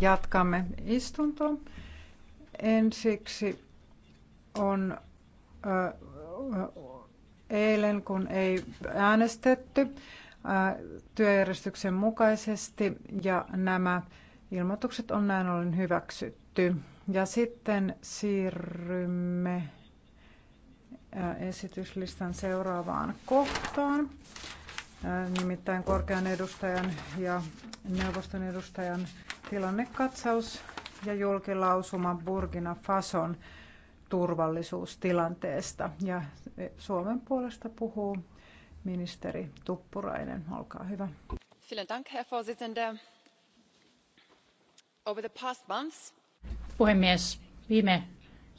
Jatkamme istuntoa. Ensiksi on eilen, kun ei äänestetty ö, työjärjestyksen mukaisesti ja nämä ilmoitukset on näin ollen hyväksytty. Ja sitten siirrymme esityslistan seuraavaan kohtaan nimittäin korkean edustajan ja neuvoston edustajan tilannekatsaus ja julkilausuma Burkina Fason turvallisuustilanteesta. Ja Suomen puolesta puhuu ministeri Tuppurainen. Olkaa hyvä. Puhemies, viime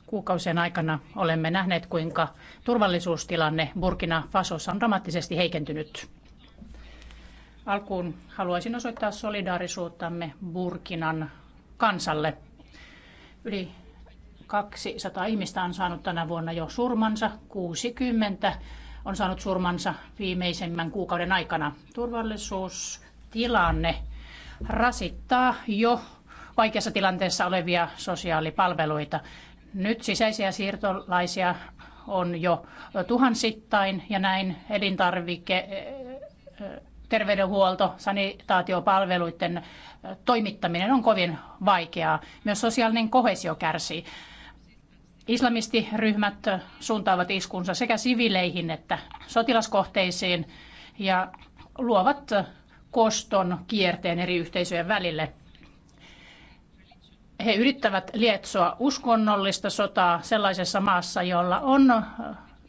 kuukausien aikana olemme nähneet, kuinka turvallisuustilanne Burkina Fasossa on dramaattisesti heikentynyt. Alkuun haluaisin osoittaa solidaarisuuttamme Burkinan kansalle. Yli 200 ihmistä on saanut tänä vuonna jo surmansa, 60 on saanut surmansa viimeisemmän kuukauden aikana. Turvallisuustilanne rasittaa jo vaikeassa tilanteessa olevia sosiaalipalveluita. Nyt sisäisiä siirtolaisia on jo tuhansittain ja näin elintarvike terveydenhuolto, sanitaatiopalveluiden toimittaminen on kovin vaikeaa. Myös sosiaalinen kohesio kärsii. Islamistiryhmät suuntaavat iskunsa sekä sivileihin että sotilaskohteisiin ja luovat koston kierteen eri yhteisöjen välille. He yrittävät lietsoa uskonnollista sotaa sellaisessa maassa, jolla on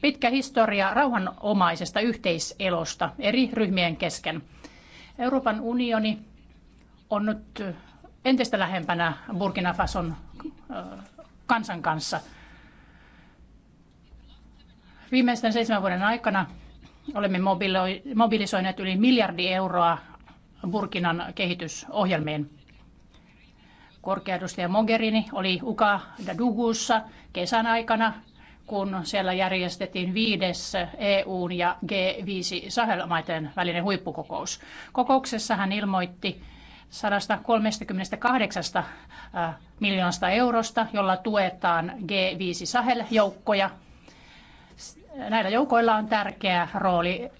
pitkä historia rauhanomaisesta yhteiselosta eri ryhmien kesken. Euroopan unioni on nyt entistä lähempänä Burkina Fason kansan kanssa. Viimeisten seitsemän vuoden aikana olemme mobilisoineet yli miljardi euroa Burkinan kehitysohjelmiin. Korkeadustaja Mogherini oli Uka Dadugussa kesän aikana kun siellä järjestettiin viides EUn ja G5 Sahelmaiden välinen huippukokous. Kokouksessa hän ilmoitti 138 miljoonasta eurosta, jolla tuetaan G5 Sahel-joukkoja. Näillä joukoilla on tärkeä rooli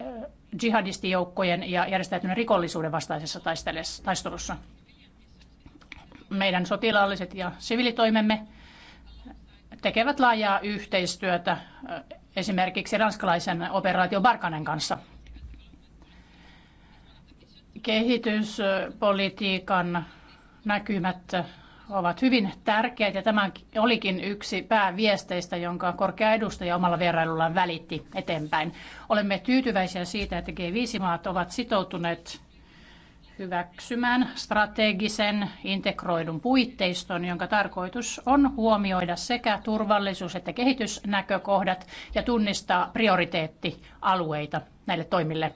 jihadistijoukkojen ja järjestäytyneen rikollisuuden vastaisessa taistelussa. Meidän sotilaalliset ja siviilitoimemme tekevät laajaa yhteistyötä esimerkiksi ranskalaisen operaation Barkanen kanssa. Kehityspolitiikan näkymät ovat hyvin tärkeät ja tämä olikin yksi pääviesteistä, jonka korkea edustaja omalla vierailullaan välitti eteenpäin. Olemme tyytyväisiä siitä, että G5-maat ovat sitoutuneet hyväksymän strategisen integroidun puitteiston, jonka tarkoitus on huomioida sekä turvallisuus- että kehitysnäkökohdat ja tunnistaa prioriteettialueita näille toimille.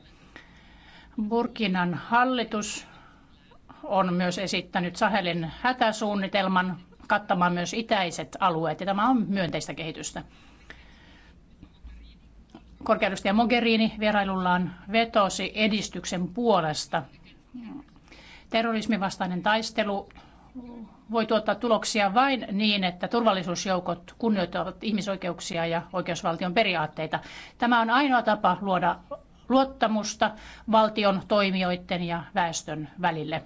Burkinan hallitus on myös esittänyt Sahelin hätäsuunnitelman kattamaan myös itäiset alueet, ja tämä on myönteistä kehitystä. Korkeudustaja Mogherini vierailullaan vetosi edistyksen puolesta Terrorismin vastainen taistelu voi tuottaa tuloksia vain niin, että turvallisuusjoukot kunnioittavat ihmisoikeuksia ja oikeusvaltion periaatteita. Tämä on ainoa tapa luoda luottamusta valtion toimijoiden ja väestön välille.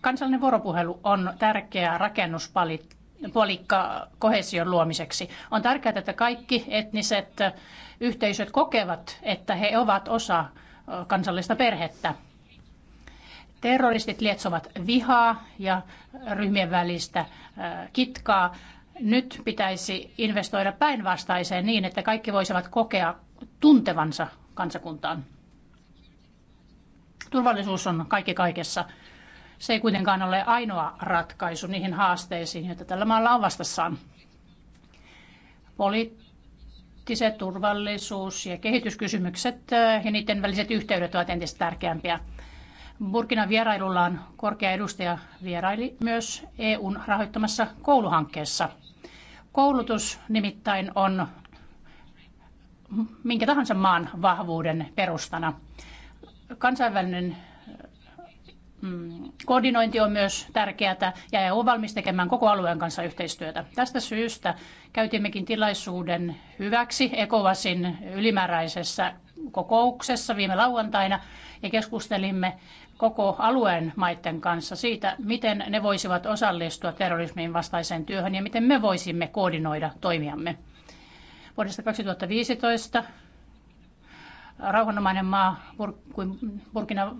Kansallinen vuoropuhelu on tärkeä rakennuspalikka kohesion luomiseksi. On tärkeää, että kaikki etniset yhteisöt kokevat, että he ovat osa kansallista perhettä. Terroristit lietsovat vihaa ja ryhmien välistä äh, kitkaa. Nyt pitäisi investoida päinvastaiseen niin, että kaikki voisivat kokea tuntevansa kansakuntaan. Turvallisuus on kaikki kaikessa. Se ei kuitenkaan ole ainoa ratkaisu niihin haasteisiin, joita tällä maalla on vastassaan. Poli- poliittiset, turvallisuus ja kehityskysymykset äh, ja niiden väliset yhteydet ovat entistä tärkeämpiä. Burkinan vierailullaan korkea edustaja vieraili myös EUn rahoittamassa kouluhankkeessa. Koulutus nimittäin on minkä tahansa maan vahvuuden perustana. Kansainvälinen Mm, koordinointi on myös tärkeää ja EU on valmis tekemään koko alueen kanssa yhteistyötä. Tästä syystä käytimmekin tilaisuuden hyväksi ECOWASin ylimääräisessä kokouksessa viime lauantaina ja keskustelimme koko alueen maiden kanssa siitä, miten ne voisivat osallistua terrorismin vastaiseen työhön ja miten me voisimme koordinoida toimiamme. Vuodesta 2015 rauhanomainen maa Burkina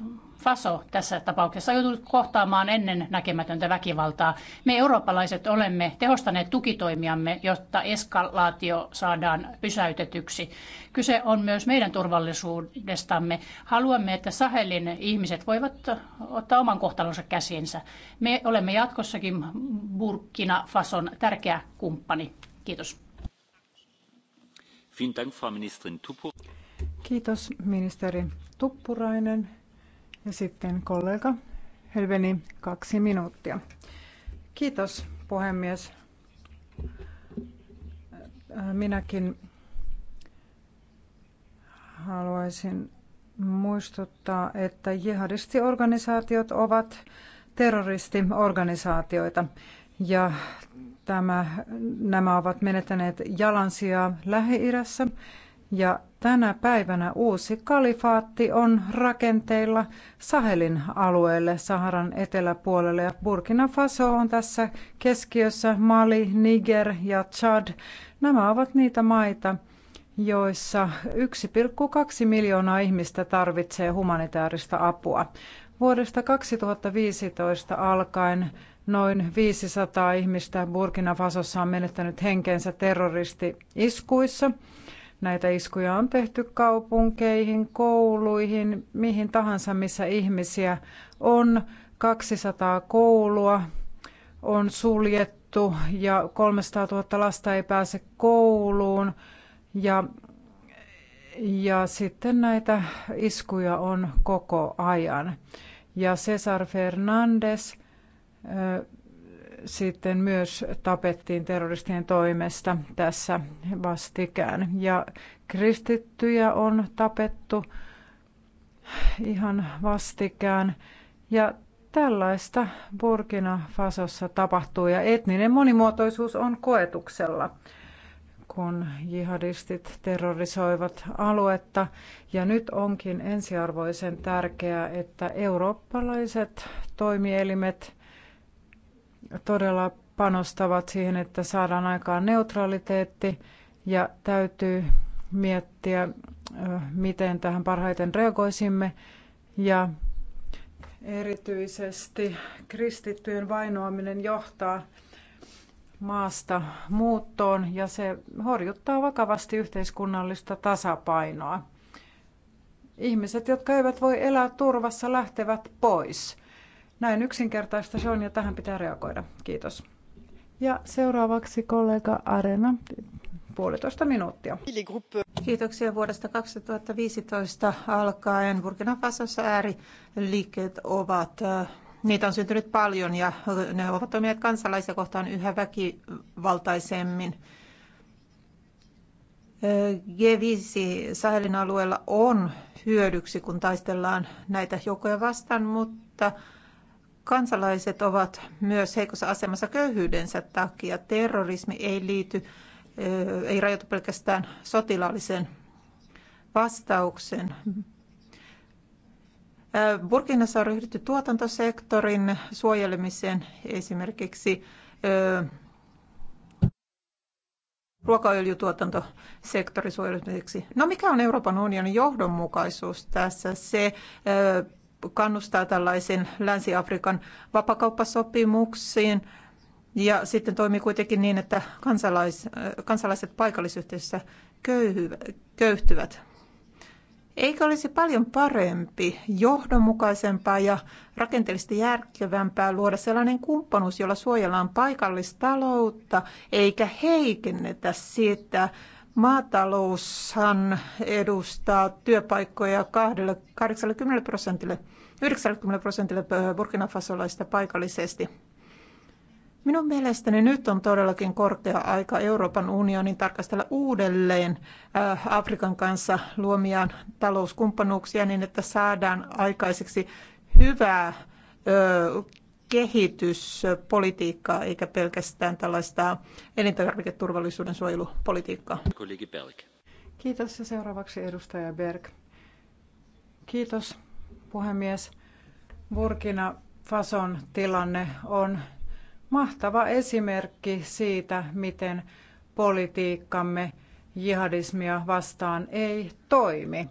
Faso tässä tapauksessa on joutunut kohtaamaan ennen näkemätöntä väkivaltaa. Me eurooppalaiset olemme tehostaneet tukitoimiamme, jotta eskalaatio saadaan pysäytetyksi. Kyse on myös meidän turvallisuudestamme. Haluamme, että Sahelin ihmiset voivat ottaa oman kohtalonsa käsiinsä. Me olemme jatkossakin Burkina Fason tärkeä kumppani. Kiitos. Kiitos ministeri Tuppurainen. Ja sitten kollega Helveni, kaksi minuuttia. Kiitos puhemies. Minäkin haluaisin muistuttaa, että jihadistiorganisaatiot ovat terroristiorganisaatioita ja tämä, nämä ovat menettäneet jalansijaa lähi irässä ja tänä päivänä uusi kalifaatti on rakenteilla Sahelin alueelle, Saharan eteläpuolelle. Ja Burkina Faso on tässä keskiössä, Mali, Niger ja Chad. Nämä ovat niitä maita, joissa 1,2 miljoonaa ihmistä tarvitsee humanitaarista apua. Vuodesta 2015 alkaen noin 500 ihmistä Burkina Fasossa on menettänyt henkensä terroristi-iskuissa. Näitä iskuja on tehty kaupunkeihin, kouluihin, mihin tahansa, missä ihmisiä on. 200 koulua on suljettu ja 300 000 lasta ei pääse kouluun. Ja, ja sitten näitä iskuja on koko ajan. Ja Cesar Fernandes sitten myös tapettiin terroristien toimesta tässä vastikään. Ja kristittyjä on tapettu ihan vastikään. Ja tällaista Burkina Fasossa tapahtuu ja etninen monimuotoisuus on koetuksella kun jihadistit terrorisoivat aluetta. Ja nyt onkin ensiarvoisen tärkeää, että eurooppalaiset toimielimet todella panostavat siihen, että saadaan aikaan neutraliteetti ja täytyy miettiä, miten tähän parhaiten reagoisimme ja erityisesti kristittyjen vainoaminen johtaa maasta muuttoon ja se horjuttaa vakavasti yhteiskunnallista tasapainoa. Ihmiset, jotka eivät voi elää turvassa, lähtevät pois. Näin yksinkertaista se on ja tähän pitää reagoida. Kiitos. Ja seuraavaksi kollega Arena, puolitoista minuuttia. Kiitoksia vuodesta 2015 alkaen. Burkina Fasossa ääriliikkeet ovat äh, Niitä on syntynyt paljon ja ne ovat toimineet kansalaisia kohtaan yhä väkivaltaisemmin. Äh, G5 Sahelin alueella on hyödyksi, kun taistellaan näitä joukkoja vastaan, mutta Kansalaiset ovat myös heikossa asemassa köyhyydensä takia. Terrorismi ei liity, ei rajoitu pelkästään sotilaalliseen vastaukseen. Burkinassa on ryhdytty tuotantosektorin suojelemiseen esimerkiksi ruokaöljytuotantosektorin suojelemiseksi. No mikä on Euroopan unionin johdonmukaisuus tässä? Se kannustaa tällaisiin Länsi-Afrikan vapakauppasopimuksiin ja sitten toimii kuitenkin niin, että kansalais, kansalaiset paikallisyhteisössä köyhtyvät. Eikö olisi paljon parempi, johdonmukaisempaa ja rakenteellisesti järkevämpää luoda sellainen kumppanuus, jolla suojellaan paikallistaloutta eikä heikennetä sitä Maataloushan edustaa työpaikkoja 80 prosentille, 90 prosentille Burkina Fasolaista paikallisesti. Minun mielestäni nyt on todellakin korkea aika Euroopan unionin tarkastella uudelleen äh, Afrikan kanssa luomiaan talouskumppanuuksia niin, että saadaan aikaiseksi hyvää kehityspolitiikkaa eikä pelkästään tällaista elintarviketurvallisuuden suojelupolitiikkaa. Kiitos ja seuraavaksi edustaja Berg. Kiitos puhemies. Burkina Fason tilanne on mahtava esimerkki siitä, miten politiikkamme jihadismia vastaan ei toimi.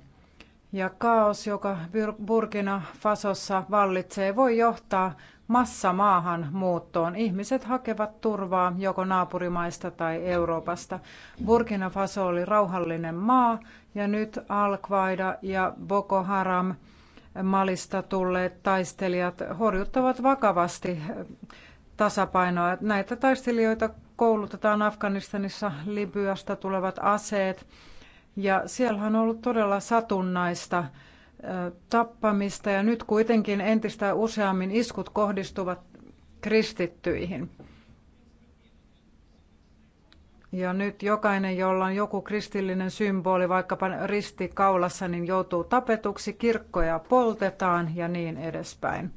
Ja kaos, joka Burkina Fasossa vallitsee, voi johtaa massamaahanmuuttoon. Ihmiset hakevat turvaa joko naapurimaista tai Euroopasta. Burkina Faso oli rauhallinen maa ja nyt Al-Qaida ja Boko Haram Malista tulleet taistelijat horjuttavat vakavasti tasapainoa. Näitä taistelijoita koulutetaan Afganistanissa, Libyasta tulevat aseet ja siellä on ollut todella satunnaista tappamista ja nyt kuitenkin entistä useammin iskut kohdistuvat kristittyihin. Ja nyt jokainen, jolla on joku kristillinen symboli, vaikkapa risti kaulassa, niin joutuu tapetuksi, kirkkoja poltetaan ja niin edespäin.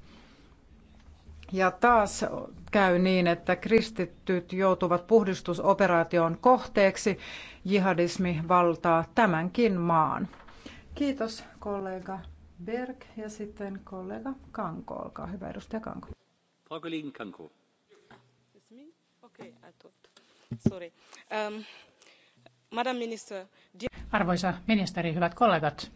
Ja taas käy niin, että kristittyt joutuvat puhdistusoperaation kohteeksi. Jihadismi valtaa tämänkin maan. Kiitos kollega Berg ja sitten kollega Kanko, olkaa hyvä edustaja Kanko. Pagolin Kanko. Um, Arvoisa ministeri, hyvät kollegat.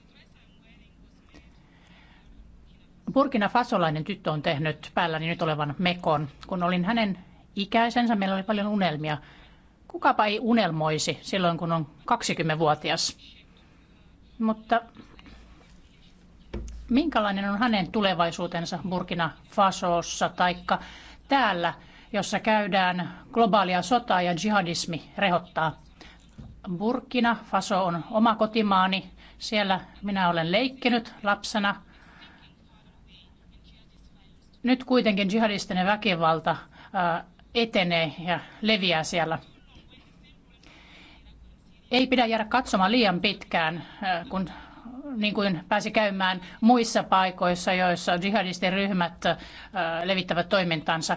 Burkina Fasolainen tyttö on tehnyt päälläni nyt olevan mekon. Kun olin hänen ikäisensä, meillä oli paljon unelmia. Kukapa ei unelmoisi silloin, kun on 20-vuotias mutta minkälainen on hänen tulevaisuutensa Burkina Fasossa taikka täällä, jossa käydään globaalia sotaa ja jihadismi rehottaa? Burkina Faso on oma kotimaani. Siellä minä olen leikkinyt lapsena. Nyt kuitenkin jihadistinen väkivalta etenee ja leviää siellä. Ei pidä jäädä katsomaan liian pitkään, äh, kun niin kuin pääsi käymään muissa paikoissa, joissa jihadistien ryhmät äh, levittävät toimintansa.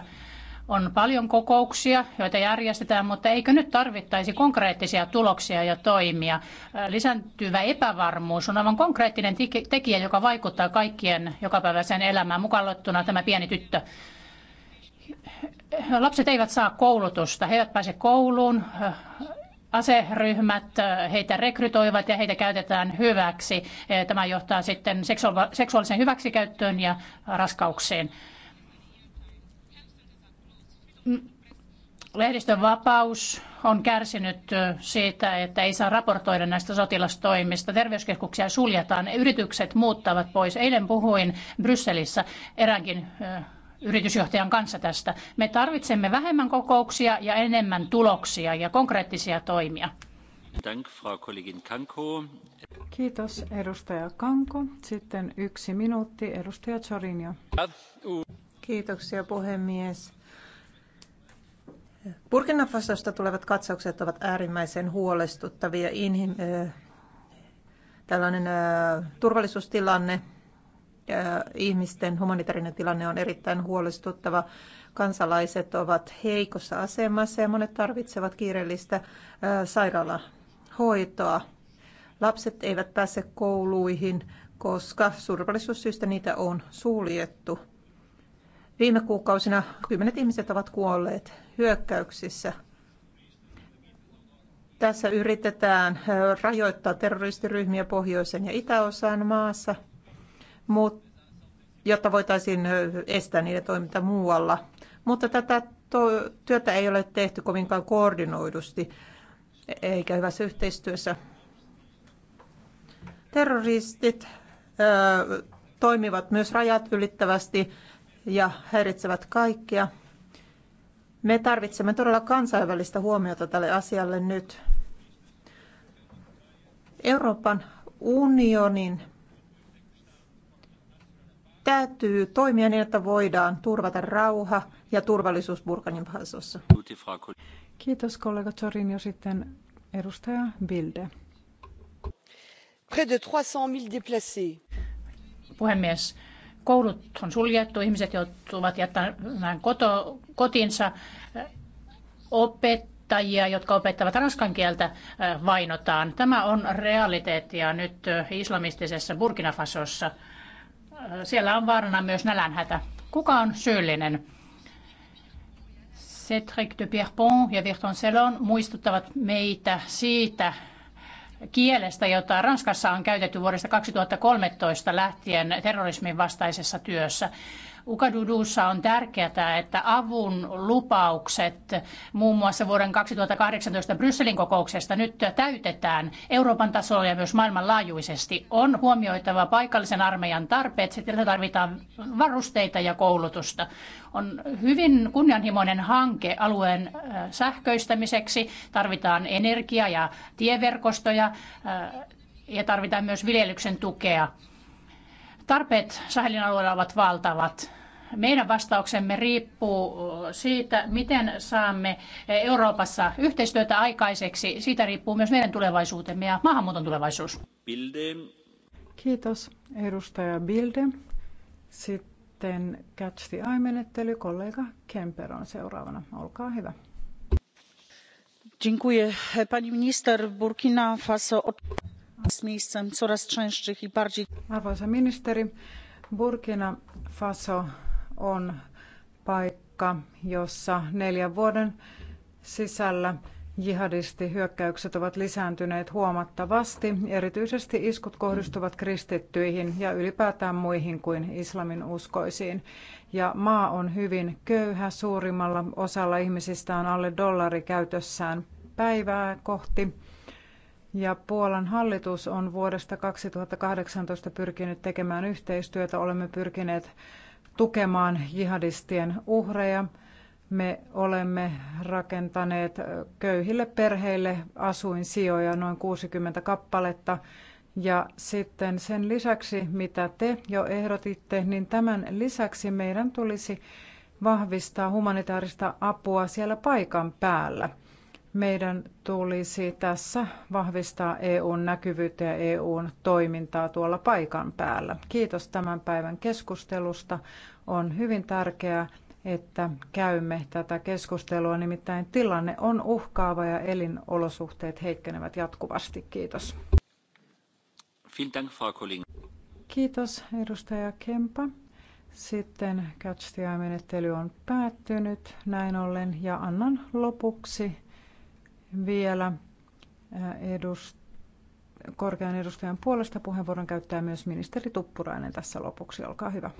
On paljon kokouksia, joita järjestetään, mutta eikö nyt tarvittaisi konkreettisia tuloksia ja toimia? Äh, lisääntyvä epävarmuus on aivan konkreettinen tekijä, joka vaikuttaa kaikkien jokapäiväiseen elämään, mukaan tämä pieni tyttö lapset eivät saa koulutusta, he eivät pääse kouluun, aseryhmät äh, heitä rekrytoivat ja heitä käytetään hyväksi. Äh, tämä johtaa sitten seksuaaliseen hyväksikäyttöön ja raskauksiin. Mm, lehdistön vapaus on kärsinyt äh, siitä, että ei saa raportoida näistä sotilastoimista. Terveyskeskuksia suljetaan, yritykset muuttavat pois. Eilen puhuin Brysselissä eräänkin yritysjohtajan kanssa tästä. Me tarvitsemme vähemmän kokouksia ja enemmän tuloksia ja konkreettisia toimia. Kiitos edustaja Kanko. Sitten yksi minuutti edustaja Zorinio. Kiitoksia puhemies. Burkina Fasosta tulevat katsaukset ovat äärimmäisen huolestuttavia. Inhim- tällainen turvallisuustilanne ihmisten humanitaarinen tilanne on erittäin huolestuttava. Kansalaiset ovat heikossa asemassa ja monet tarvitsevat kiireellistä sairaalahoitoa. Lapset eivät pääse kouluihin, koska turvallisuussyistä niitä on suljettu. Viime kuukausina kymmenet ihmiset ovat kuolleet hyökkäyksissä. Tässä yritetään rajoittaa terroristiryhmiä pohjoisen ja itäosan maassa – mutta jotta voitaisiin estää niiden toiminta muualla. Mutta tätä työtä ei ole tehty kovinkaan koordinoidusti eikä hyvässä yhteistyössä. Terroristit ö, toimivat myös rajat ylittävästi ja häiritsevät kaikkia. Me tarvitsemme todella kansainvälistä huomiota tälle asialle nyt. Euroopan unionin täytyy toimia niin, että voidaan turvata rauha ja turvallisuus Burkanin Fasossa. Kiitos kollega Torin, ja sitten edustaja Bilde. Près de 300 000 déplacés. Puhemies, koulut on suljettu, ihmiset joutuvat jättämään koto, kotinsa. Opettajia, jotka opettavat ranskan kieltä, äh, vainotaan. Tämä on realiteettia nyt äh, islamistisessa Burkina Fasossa siellä on vaarana myös nälänhätä. Kuka on syyllinen? Cedric de Pierpont ja Virton Selon muistuttavat meitä siitä kielestä, jota Ranskassa on käytetty vuodesta 2013 lähtien terrorismin vastaisessa työssä. Ukadudussa on tärkeää, että avun lupaukset muun muassa vuoden 2018 Brysselin kokouksesta nyt täytetään Euroopan tasolla ja myös maailmanlaajuisesti. On huomioitava paikallisen armeijan tarpeet, sillä tarvitaan varusteita ja koulutusta. On hyvin kunnianhimoinen hanke alueen sähköistämiseksi. Tarvitaan energia- ja tieverkostoja ja tarvitaan myös viljelyksen tukea. Tarpeet Sahelin alueella ovat valtavat meidän vastauksemme riippuu siitä, miten saamme Euroopassa yhteistyötä aikaiseksi. Siitä riippuu myös meidän tulevaisuutemme ja maahanmuuton tulevaisuus. Bilde. Kiitos edustaja Bilde. Sitten Catch the Eye-menettely. Kollega Kemper on seuraavana. Olkaa hyvä. Dziękuję. Pani minister Burkina Faso jest miejscem coraz częstszych i bardziej... Arvoisa ministeri, Burkina Faso on paikka, jossa neljän vuoden sisällä jihadistihyökkäykset ovat lisääntyneet huomattavasti. Erityisesti iskut kohdistuvat kristittyihin ja ylipäätään muihin kuin islamin uskoisiin. Ja maa on hyvin köyhä. Suurimmalla osalla ihmisistä on alle dollari käytössään päivää kohti. Ja Puolan hallitus on vuodesta 2018 pyrkinyt tekemään yhteistyötä. Olemme pyrkineet tukemaan jihadistien uhreja. Me olemme rakentaneet köyhille perheille asuinsijoja noin 60 kappaletta. Ja sitten sen lisäksi, mitä te jo ehdotitte, niin tämän lisäksi meidän tulisi vahvistaa humanitaarista apua siellä paikan päällä. Meidän tulisi tässä vahvistaa EUn näkyvyyttä ja EUn toimintaa tuolla paikan päällä. Kiitos tämän päivän keskustelusta. On hyvin tärkeää, että käymme tätä keskustelua. Nimittäin tilanne on uhkaava ja elinolosuhteet heikkenevät jatkuvasti. Kiitos. Kiitos edustaja Kempa. Sitten catch menettely on päättynyt näin ollen ja annan lopuksi vielä äh, edust- korkean edustajan puolesta puheenvuoron käyttää myös ministeri Tuppurainen tässä lopuksi. Olkaa hyvä.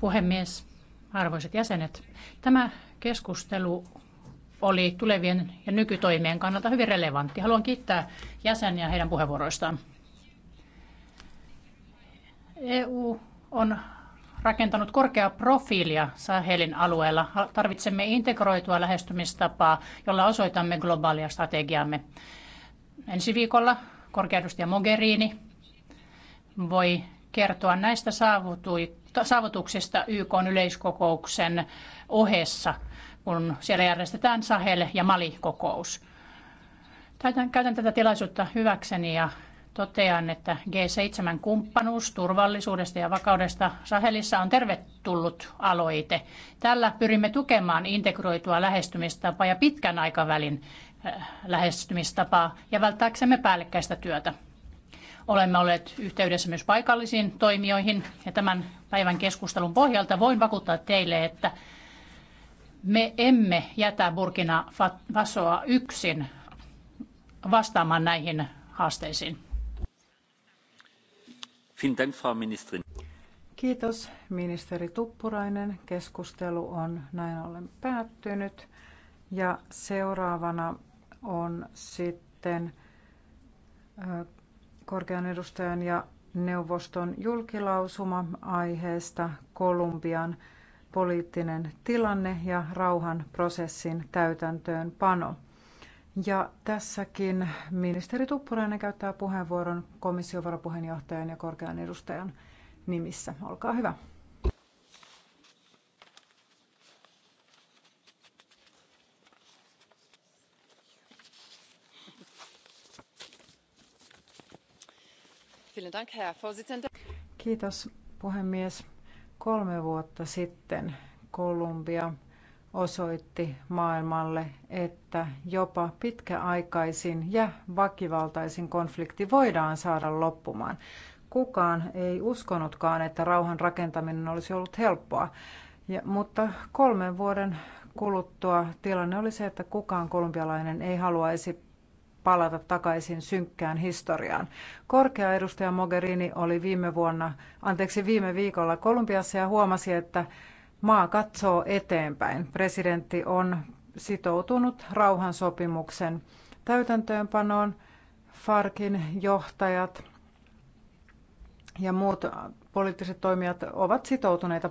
Puhemies, arvoisat jäsenet, tämä keskustelu oli tulevien ja nykytoimien kannalta hyvin relevantti. Haluan kiittää jäseniä heidän puheenvuoroistaan. EU on rakentanut korkeaa profiilia Sahelin alueella. Tarvitsemme integroitua lähestymistapaa, jolla osoitamme globaalia strategiamme. Ensi viikolla korkeadustaja Mogherini voi kertoa näistä saavutuksista YK yleiskokouksen ohessa, kun siellä järjestetään Sahel- ja Mali-kokous. Käytän tätä tilaisuutta hyväkseni ja totean, että G7-kumppanuus turvallisuudesta ja vakaudesta Sahelissa on tervetullut aloite. Tällä pyrimme tukemaan integroitua lähestymistapaa ja pitkän aikavälin äh, lähestymistapaa ja välttääksemme päällekkäistä työtä. Olemme olleet yhteydessä myös paikallisiin toimijoihin ja tämän päivän keskustelun pohjalta voin vakuuttaa teille, että me emme jätä Burkina Fasoa yksin vastaamaan näihin haasteisiin. Kiitos ministeri Tuppurainen. Keskustelu on näin ollen päättynyt. Ja seuraavana on sitten korkean edustajan ja neuvoston julkilausuma aiheesta Kolumbian poliittinen tilanne ja rauhanprosessin täytäntöönpano. Ja tässäkin ministeri Tuppurainen käyttää puheenvuoron komission varapuheenjohtajan ja korkean edustajan nimissä. Olkaa hyvä. Kiitos puhemies. Kolme vuotta sitten Kolumbia osoitti maailmalle, että jopa pitkäaikaisin ja väkivaltaisin konflikti voidaan saada loppumaan. Kukaan ei uskonutkaan, että rauhan rakentaminen olisi ollut helppoa, ja, mutta kolmen vuoden kuluttua tilanne oli se, että kukaan kolumbialainen ei haluaisi palata takaisin synkkään historiaan. Korkea edustaja Mogherini oli viime vuonna, anteeksi viime viikolla Kolumbiassa ja huomasi, että Maa katsoo eteenpäin. Presidentti on sitoutunut rauhansopimuksen täytäntöönpanoon. Farkin johtajat ja muut poliittiset toimijat ovat sitoutuneita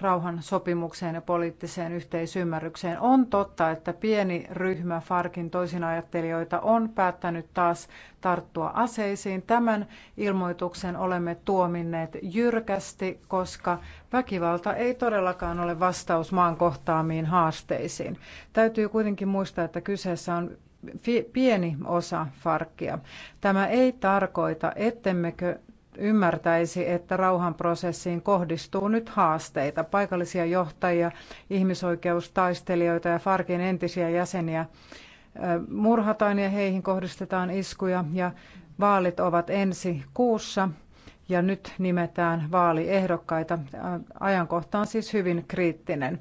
rauhan sopimukseen ja poliittiseen yhteisymmärrykseen. On totta, että pieni ryhmä Farkin toisinajattelijoita on päättänyt taas tarttua aseisiin. Tämän ilmoituksen olemme tuominneet jyrkästi, koska väkivalta ei todellakaan ole vastaus maan kohtaamiin haasteisiin. Täytyy kuitenkin muistaa, että kyseessä on pieni osa Farkkia. Tämä ei tarkoita, ettemmekö ymmärtäisi, että rauhanprosessiin kohdistuu nyt haasteita. Paikallisia johtajia, ihmisoikeustaistelijoita ja Farkin entisiä jäseniä murhataan ja heihin kohdistetaan iskuja ja vaalit ovat ensi kuussa ja nyt nimetään vaaliehdokkaita. Ajankohta on siis hyvin kriittinen.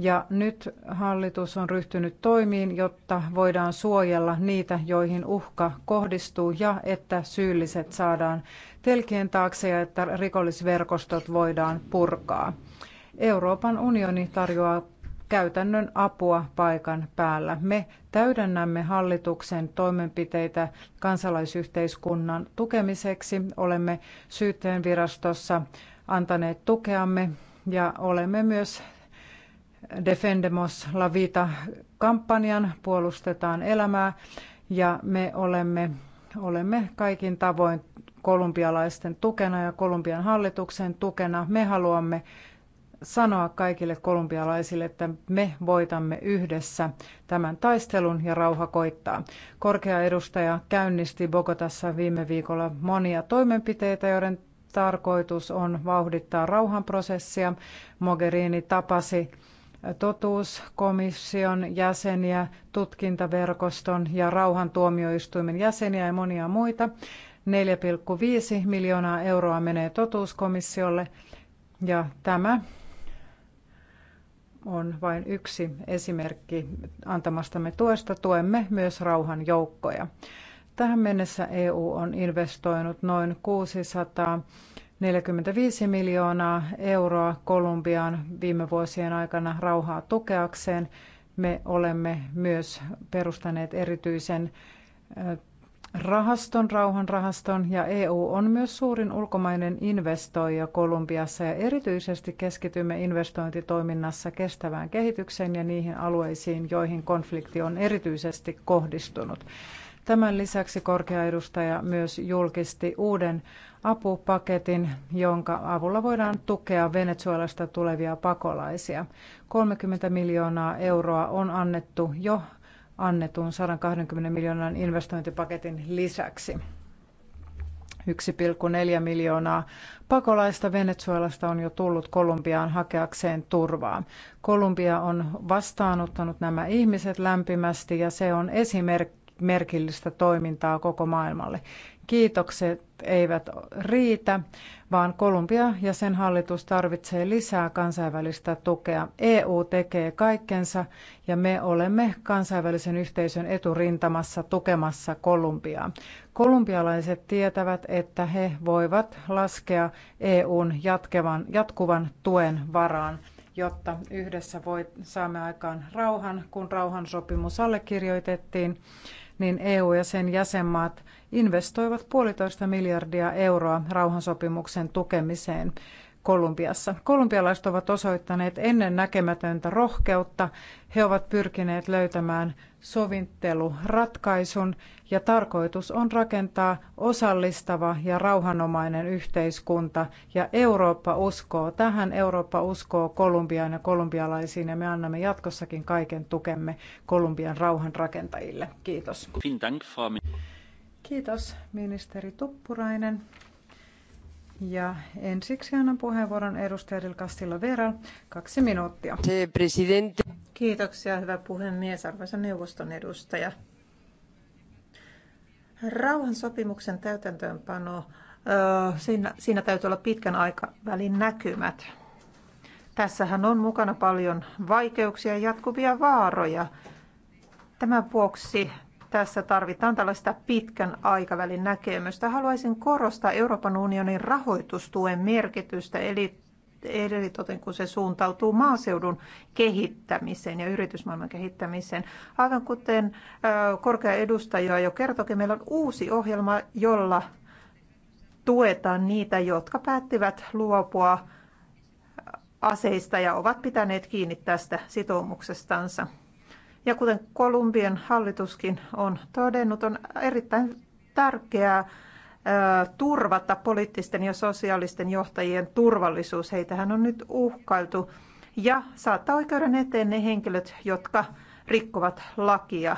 Ja nyt hallitus on ryhtynyt toimiin, jotta voidaan suojella niitä, joihin uhka kohdistuu ja että syylliset saadaan telkien taakse ja että rikollisverkostot voidaan purkaa. Euroopan unioni tarjoaa käytännön apua paikan päällä. Me täydennämme hallituksen toimenpiteitä kansalaisyhteiskunnan tukemiseksi. Olemme syytteenvirastossa antaneet tukeamme ja olemme myös Defendemos La Vita-kampanjan Puolustetaan elämää ja me olemme, olemme kaikin tavoin kolumbialaisten tukena ja Kolumbian hallituksen tukena. Me haluamme sanoa kaikille kolumbialaisille, että me voitamme yhdessä tämän taistelun ja rauha koittaa. Korkea edustaja käynnisti Bogotassa viime viikolla monia toimenpiteitä, joiden tarkoitus on vauhdittaa rauhanprosessia. Mogherini tapasi totuuskomission jäseniä, tutkintaverkoston ja rauhantuomioistuimen jäseniä ja monia muita. 4,5 miljoonaa euroa menee totuuskomissiolle ja tämä on vain yksi esimerkki antamastamme tuesta. Tuemme myös rauhan joukkoja. Tähän mennessä EU on investoinut noin 600 45 miljoonaa euroa Kolumbiaan viime vuosien aikana rauhaa tukeakseen. Me olemme myös perustaneet erityisen rahaston, rauhanrahaston ja EU on myös suurin ulkomainen investoija Kolumbiassa ja erityisesti keskitymme investointitoiminnassa kestävään kehitykseen ja niihin alueisiin, joihin konflikti on erityisesti kohdistunut. Tämän lisäksi korkea edustaja myös julkisti uuden apupaketin, jonka avulla voidaan tukea Venezuelasta tulevia pakolaisia. 30 miljoonaa euroa on annettu jo annetun 120 miljoonan investointipaketin lisäksi. 1,4 miljoonaa pakolaista Venezuelasta on jo tullut Kolumbiaan hakeakseen turvaa. Kolumbia on vastaanottanut nämä ihmiset lämpimästi ja se on esimerkki merkillistä toimintaa koko maailmalle. Kiitokset eivät riitä, vaan Kolumbia ja sen hallitus tarvitsee lisää kansainvälistä tukea. EU tekee kaikkensa ja me olemme kansainvälisen yhteisön eturintamassa tukemassa Kolumbiaa. Kolumbialaiset tietävät, että he voivat laskea EUn jatkevan, jatkuvan tuen varaan jotta yhdessä voi, saamme aikaan rauhan, kun rauhansopimus allekirjoitettiin niin EU ja sen jäsenmaat investoivat puolitoista miljardia euroa rauhansopimuksen tukemiseen. Kolumbiassa. Kolumbialaiset ovat osoittaneet ennen näkemätöntä rohkeutta. He ovat pyrkineet löytämään sovinteluratkaisun ja tarkoitus on rakentaa osallistava ja rauhanomainen yhteiskunta. Ja Eurooppa uskoo tähän, Eurooppa uskoo Kolumbiaan ja kolumbialaisiin ja me annamme jatkossakin kaiken tukemme Kolumbian rauhanrakentajille. Kiitos. Kiitos ministeri Tuppurainen. Ja ensiksi annan puheenvuoron edustaja Del Vera, kaksi minuuttia. Kiitoksia, hyvä puhemies, arvoisa neuvoston edustaja. sopimuksen täytäntöönpano, siinä, siinä täytyy olla pitkän aikavälin näkymät. Tässähän on mukana paljon vaikeuksia ja jatkuvia vaaroja. Tämän vuoksi tässä tarvitaan tällaista pitkän aikavälin näkemystä. Haluaisin korostaa Euroopan unionin rahoitustuen merkitystä, eli eritoten kun se suuntautuu maaseudun kehittämiseen ja yritysmaailman kehittämiseen. Aivan kuten korkea edustaja jo kertoi meillä on uusi ohjelma, jolla tuetaan niitä, jotka päättivät luopua aseista ja ovat pitäneet kiinni tästä sitoumuksestansa. Ja kuten Kolumbian hallituskin on todennut, on erittäin tärkeää turvata poliittisten ja sosiaalisten johtajien turvallisuus. Heitähän on nyt uhkailtu ja saattaa oikeuden eteen ne henkilöt, jotka rikkovat lakia.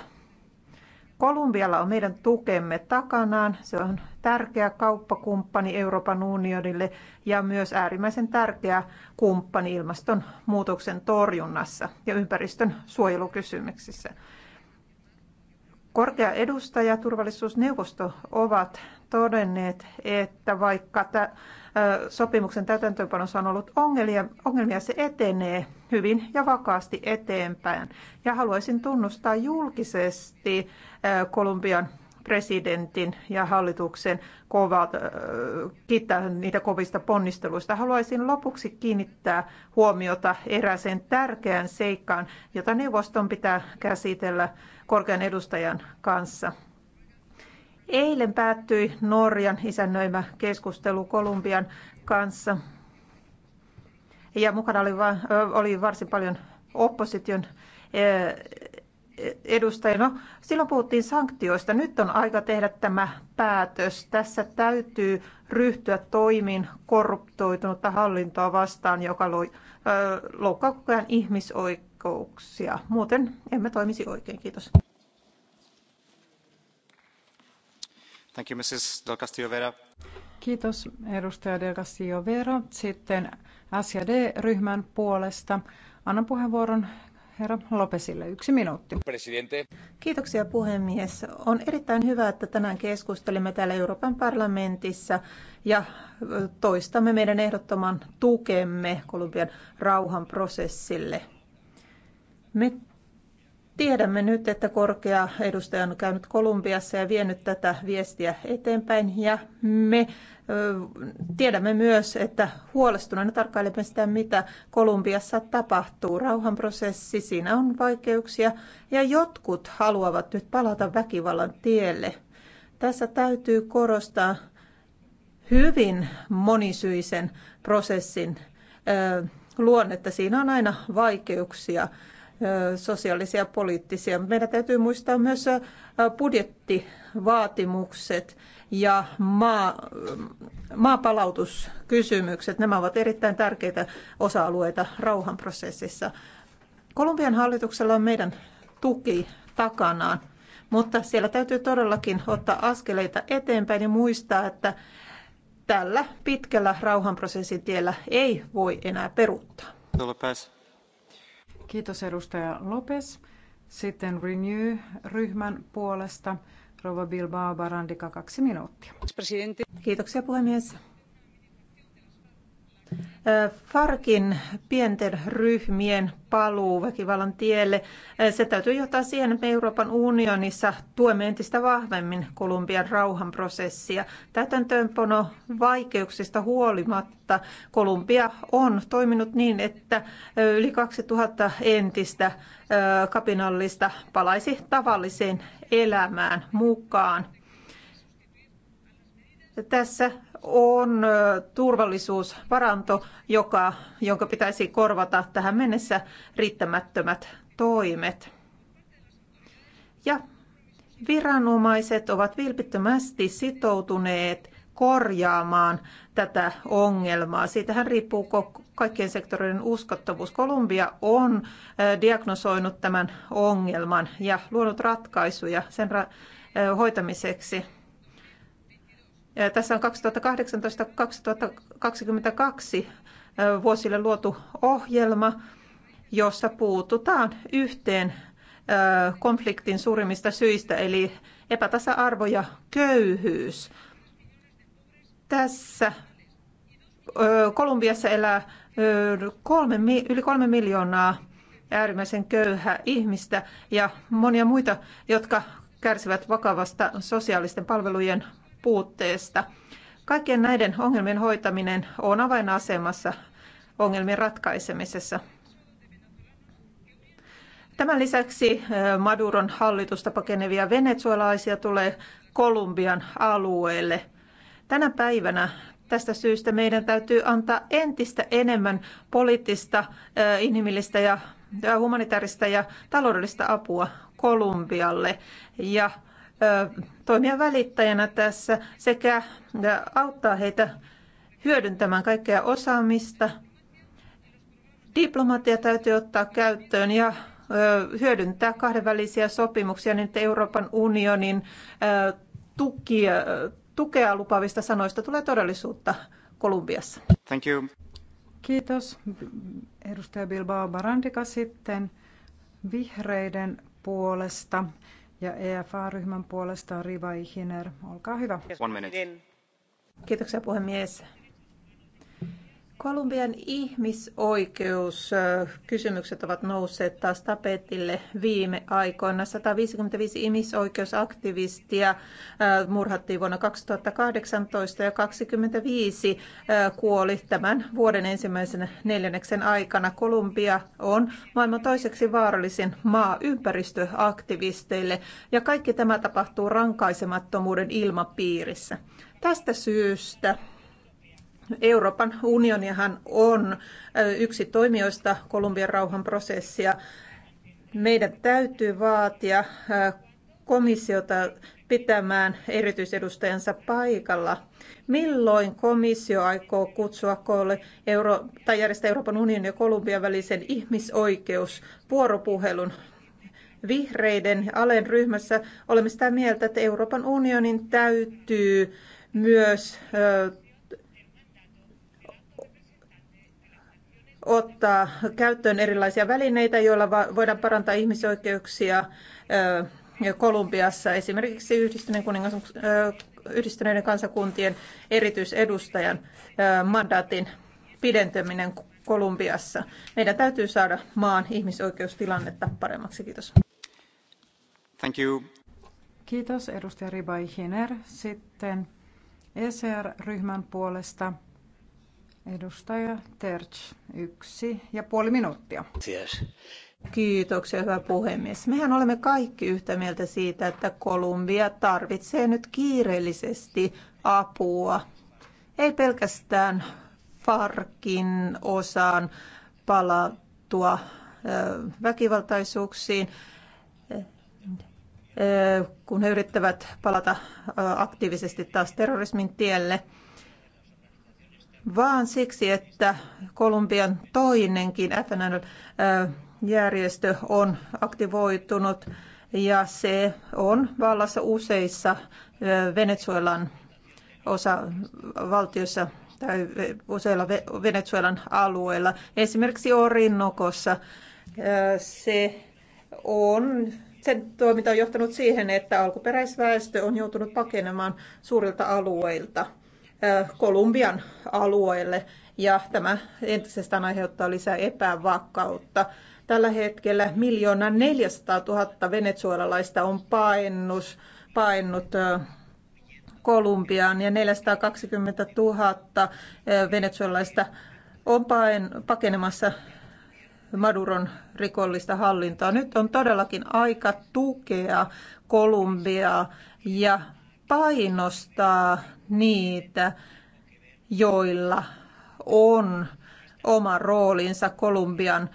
Kolumbialla on meidän tukemme takanaan. Se on tärkeä kauppakumppani Euroopan unionille ja myös äärimmäisen tärkeä kumppani ilmastonmuutoksen torjunnassa ja ympäristön suojelukysymyksissä. Korkea edustaja ja turvallisuusneuvosto ovat todenneet, että vaikka tä, sopimuksen täytäntöönpanossa on ollut ongelmia, ongelmia, se etenee hyvin ja vakaasti eteenpäin. Ja haluaisin tunnustaa julkisesti Kolumbian presidentin ja hallituksen kovat, kiittää niitä kovista ponnisteluista. Haluaisin lopuksi kiinnittää huomiota erääseen tärkeään seikkaan, jota neuvoston pitää käsitellä korkean edustajan kanssa. Eilen päättyi Norjan isännöimä keskustelu Kolumbian kanssa. Ja mukana oli, va, oli varsin paljon opposition eh, edustajia. No, silloin puhuttiin sanktioista. Nyt on aika tehdä tämä päätös. Tässä täytyy ryhtyä toimiin korruptoitunutta hallintoa vastaan, joka loi, eh, loukkaa koko ajan ihmisoikeuksia. Muuten emme toimisi oikein. Kiitos. Thank you, Mrs. Del Castillo Vera. Kiitos, edustaja Del Castillo Vera. Sitten SJD-ryhmän puolesta annan puheenvuoron herra Lopesille. Yksi minuutti. Presidente. Kiitoksia puhemies. On erittäin hyvä, että tänään keskustelemme täällä Euroopan parlamentissa ja toistamme meidän ehdottoman tukemme Kolumbian rauhanprosessille. Me Tiedämme nyt, että korkea edustaja on käynyt Kolumbiassa ja vienyt tätä viestiä eteenpäin ja me tiedämme myös, että huolestuneena tarkkailemme sitä, mitä Kolumbiassa tapahtuu. Rauhanprosessi, siinä on vaikeuksia ja jotkut haluavat nyt palata väkivallan tielle. Tässä täytyy korostaa hyvin monisyisen prosessin luonnetta. Siinä on aina vaikeuksia sosiaalisia ja poliittisia. Meidän täytyy muistaa myös budjettivaatimukset ja maa, maapalautuskysymykset. Nämä ovat erittäin tärkeitä osa-alueita rauhanprosessissa. Kolumbian hallituksella on meidän tuki takanaan, mutta siellä täytyy todellakin ottaa askeleita eteenpäin ja muistaa, että tällä pitkällä rauhanprosessin tiellä ei voi enää peruuttaa. Kiitos edustaja Lopes. Sitten Renew-ryhmän puolesta Rova Bilbao Barandika kaksi minuuttia. Kiitoksia puhemies. Farkin pienten ryhmien paluu väkivallan tielle, se täytyy johtaa siihen, että me Euroopan unionissa tuemme entistä vahvemmin Kolumbian rauhanprosessia. Täytäntöönpano vaikeuksista huolimatta Kolumbia on toiminut niin, että yli 2000 entistä kapinallista palaisi tavalliseen elämään mukaan. Tässä on turvallisuusvaranto, joka, jonka pitäisi korvata tähän mennessä riittämättömät toimet. Ja viranomaiset ovat vilpittömästi sitoutuneet korjaamaan tätä ongelmaa. Siitähän riippuu kaikkien sektorien uskottavuus. Kolumbia on diagnosoinut tämän ongelman ja luonut ratkaisuja sen hoitamiseksi. Tässä on 2018-2022 vuosille luotu ohjelma, jossa puututaan yhteen konfliktin suurimmista syistä, eli epätasa-arvo ja köyhyys. Tässä Kolumbiassa elää kolme, yli kolme miljoonaa äärimmäisen köyhää ihmistä ja monia muita, jotka kärsivät vakavasta sosiaalisten palvelujen puutteesta. Kaikkien näiden ongelmien hoitaminen on avainasemassa ongelmien ratkaisemisessa. Tämän lisäksi Maduron hallitusta pakenevia venezuelaisia tulee Kolumbian alueelle. Tänä päivänä tästä syystä meidän täytyy antaa entistä enemmän poliittista, inhimillistä ja humanitaarista ja taloudellista apua Kolumbialle ja toimia välittäjänä tässä sekä auttaa heitä hyödyntämään kaikkea osaamista. Diplomatia täytyy ottaa käyttöön ja hyödyntää kahdenvälisiä sopimuksia, niin että Euroopan unionin tuki, tukea lupavista sanoista tulee todellisuutta Kolumbiassa. Thank you. Kiitos. Edustaja Bilbao Barandika sitten vihreiden puolesta. Ja EFA-ryhmän puolesta Riva Ihiner, olkaa hyvä. One minute. Kiitoksia puhemies. Kolumbian ihmisoikeuskysymykset ovat nousseet taas tapetille viime aikoina. 155 ihmisoikeusaktivistia äh, murhattiin vuonna 2018 ja 25 äh, kuoli tämän vuoden ensimmäisen neljänneksen aikana. Kolumbia on maailman toiseksi vaarallisin maa ympäristöaktivisteille ja kaikki tämä tapahtuu rankaisemattomuuden ilmapiirissä. Tästä syystä Euroopan unionihan on yksi toimijoista Kolumbian rauhanprosessia. Meidän täytyy vaatia komissiota pitämään erityisedustajansa paikalla. Milloin komissio aikoo kutsua koolle Euro- tai järjestää Euroopan unionin ja Kolumbian välisen ihmisoikeusvuoropuhelun? Vihreiden alen ryhmässä olemme sitä mieltä, että Euroopan unionin täytyy myös ottaa käyttöön erilaisia välineitä, joilla voidaan parantaa ihmisoikeuksia Kolumbiassa, esimerkiksi yhdistyneen kuningas, yhdistyneiden kansakuntien erityisedustajan mandaatin pidentäminen Kolumbiassa. Meidän täytyy saada maan ihmisoikeustilannetta paremmaksi. Kiitos. Thank you. Kiitos edustaja Ribai Hiner. Sitten ECR-ryhmän puolesta Edustaja Terch, yksi ja puoli minuuttia. Yes. Kiitoksia, hyvä puhemies. Mehän olemme kaikki yhtä mieltä siitä, että Kolumbia tarvitsee nyt kiireellisesti apua. Ei pelkästään Farkin osaan palautua väkivaltaisuuksiin, kun he yrittävät palata aktiivisesti taas terrorismin tielle – vaan siksi, että Kolumbian toinenkin FNL-järjestö äh, on aktivoitunut ja se on vallassa useissa äh, Venezuelan osa valtiossa tai useilla Venezuelan alueilla. Esimerkiksi Orinokossa äh, se on sen toiminta on johtanut siihen, että alkuperäisväestö on joutunut pakenemaan suurilta alueilta – Kolumbian alueelle ja tämä entisestään aiheuttaa lisää epävakautta. Tällä hetkellä miljoona 400 000 venezuelalaista on paennut, paennut Kolumbiaan ja 420 000 venezuelalaista on paen, pakenemassa Maduron rikollista hallintoa. Nyt on todellakin aika tukea Kolumbiaa ja painostaa niitä, joilla on oma roolinsa Kolumbian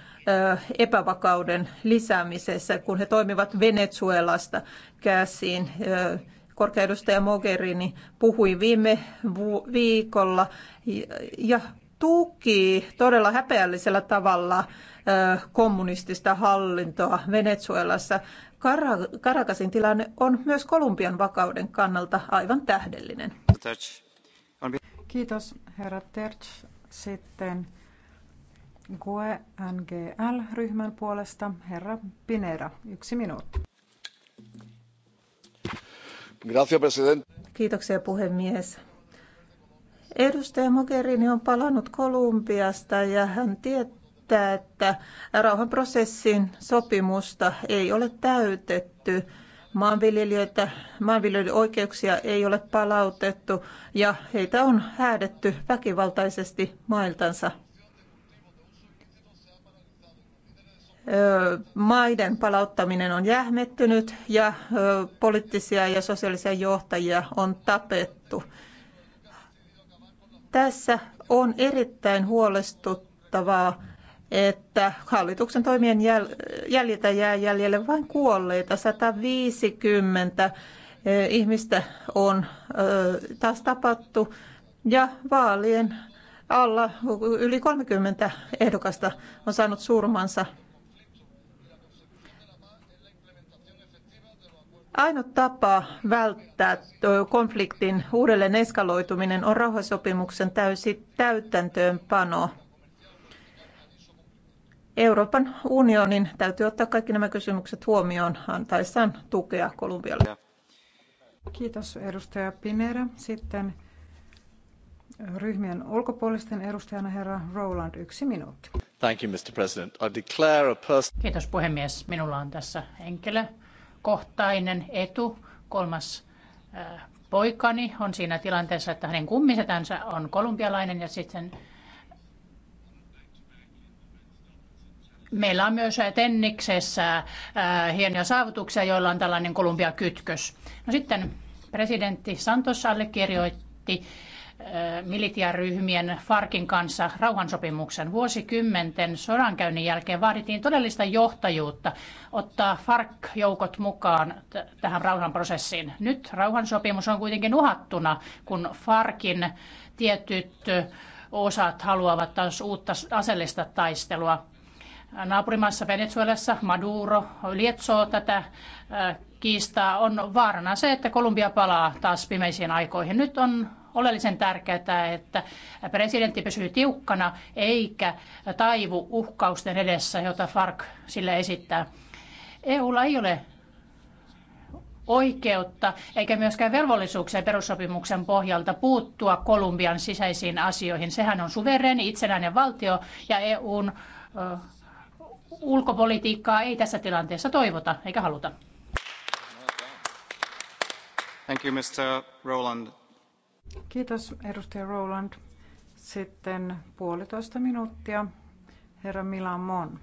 epävakauden lisäämisessä, kun he toimivat Venezuelasta käsiin. Korkeudustaja Mogherini puhui viime viikolla ja tuki todella häpeällisellä tavalla kommunistista hallintoa Venezuelassa. Kar- Karakasin tilanne on myös Kolumbian vakauden kannalta aivan tähdellinen. Kiitos, herra Terch. Sitten GUE NGL-ryhmän puolesta herra Pineda, yksi minuutti. Kiitoksia puhemies. Edustaja Mogherini on palannut Kolumbiasta ja hän tietää, sitä, että rauhanprosessin sopimusta ei ole täytetty. Maanviljelijöitä, maanviljelijöiden oikeuksia ei ole palautettu ja heitä on häädetty väkivaltaisesti mailtansa. maiden palauttaminen on jähmettynyt ja poliittisia ja sosiaalisia johtajia on tapettu. Tässä on erittäin huolestuttavaa että hallituksen toimien jäl- jäljiltä jää jäljelle vain kuolleita. 150 eh, ihmistä on taas tapattu ja vaalien alla yli 30 ehdokasta on saanut surmansa. Ainoa tapa välttää konfliktin uudelleen eskaloituminen on rauhansopimuksen täysi täytäntöönpano. Euroopan unionin täytyy ottaa kaikki nämä kysymykset huomioon antaessaan tukea Kolumbialle. Kiitos edustaja Pinera. Sitten ryhmien ulkopuolisten edustajana herra Roland, yksi minuutti. Thank you, Mr. President. I declare a person. Kiitos puhemies. Minulla on tässä henkilökohtainen etu. Kolmas äh, poikani on siinä tilanteessa, että hänen kummisetänsä on kolumbialainen ja sitten Meillä on myös Tenniksessä äh, hienoja saavutuksia, joilla on tällainen Kolumbia-kytkös. No sitten presidentti Santos allekirjoitti äh, militiaryhmien Farkin kanssa rauhansopimuksen. Vuosikymmenten sodankäynnin jälkeen vaadittiin todellista johtajuutta ottaa Fark-joukot mukaan tähän rauhanprosessiin. Nyt rauhansopimus on kuitenkin uhattuna, kun Farkin tietyt osat haluavat taas uutta aseellista taistelua naapurimaassa Venezuelassa Maduro lietsoo tätä kiistaa. On vaarana se, että Kolumbia palaa taas pimeisiin aikoihin. Nyt on oleellisen tärkeää, että presidentti pysyy tiukkana eikä taivu uhkausten edessä, jota FARC sille esittää. EUlla ei ole oikeutta eikä myöskään velvollisuuksia perussopimuksen pohjalta puuttua Kolumbian sisäisiin asioihin. Sehän on suvereeni itsenäinen valtio ja EUn ulkopolitiikkaa ei tässä tilanteessa toivota eikä haluta. Thank you, Mr. Roland. Kiitos, edustaja Roland. Sitten puolitoista minuuttia, herra Milan Mon.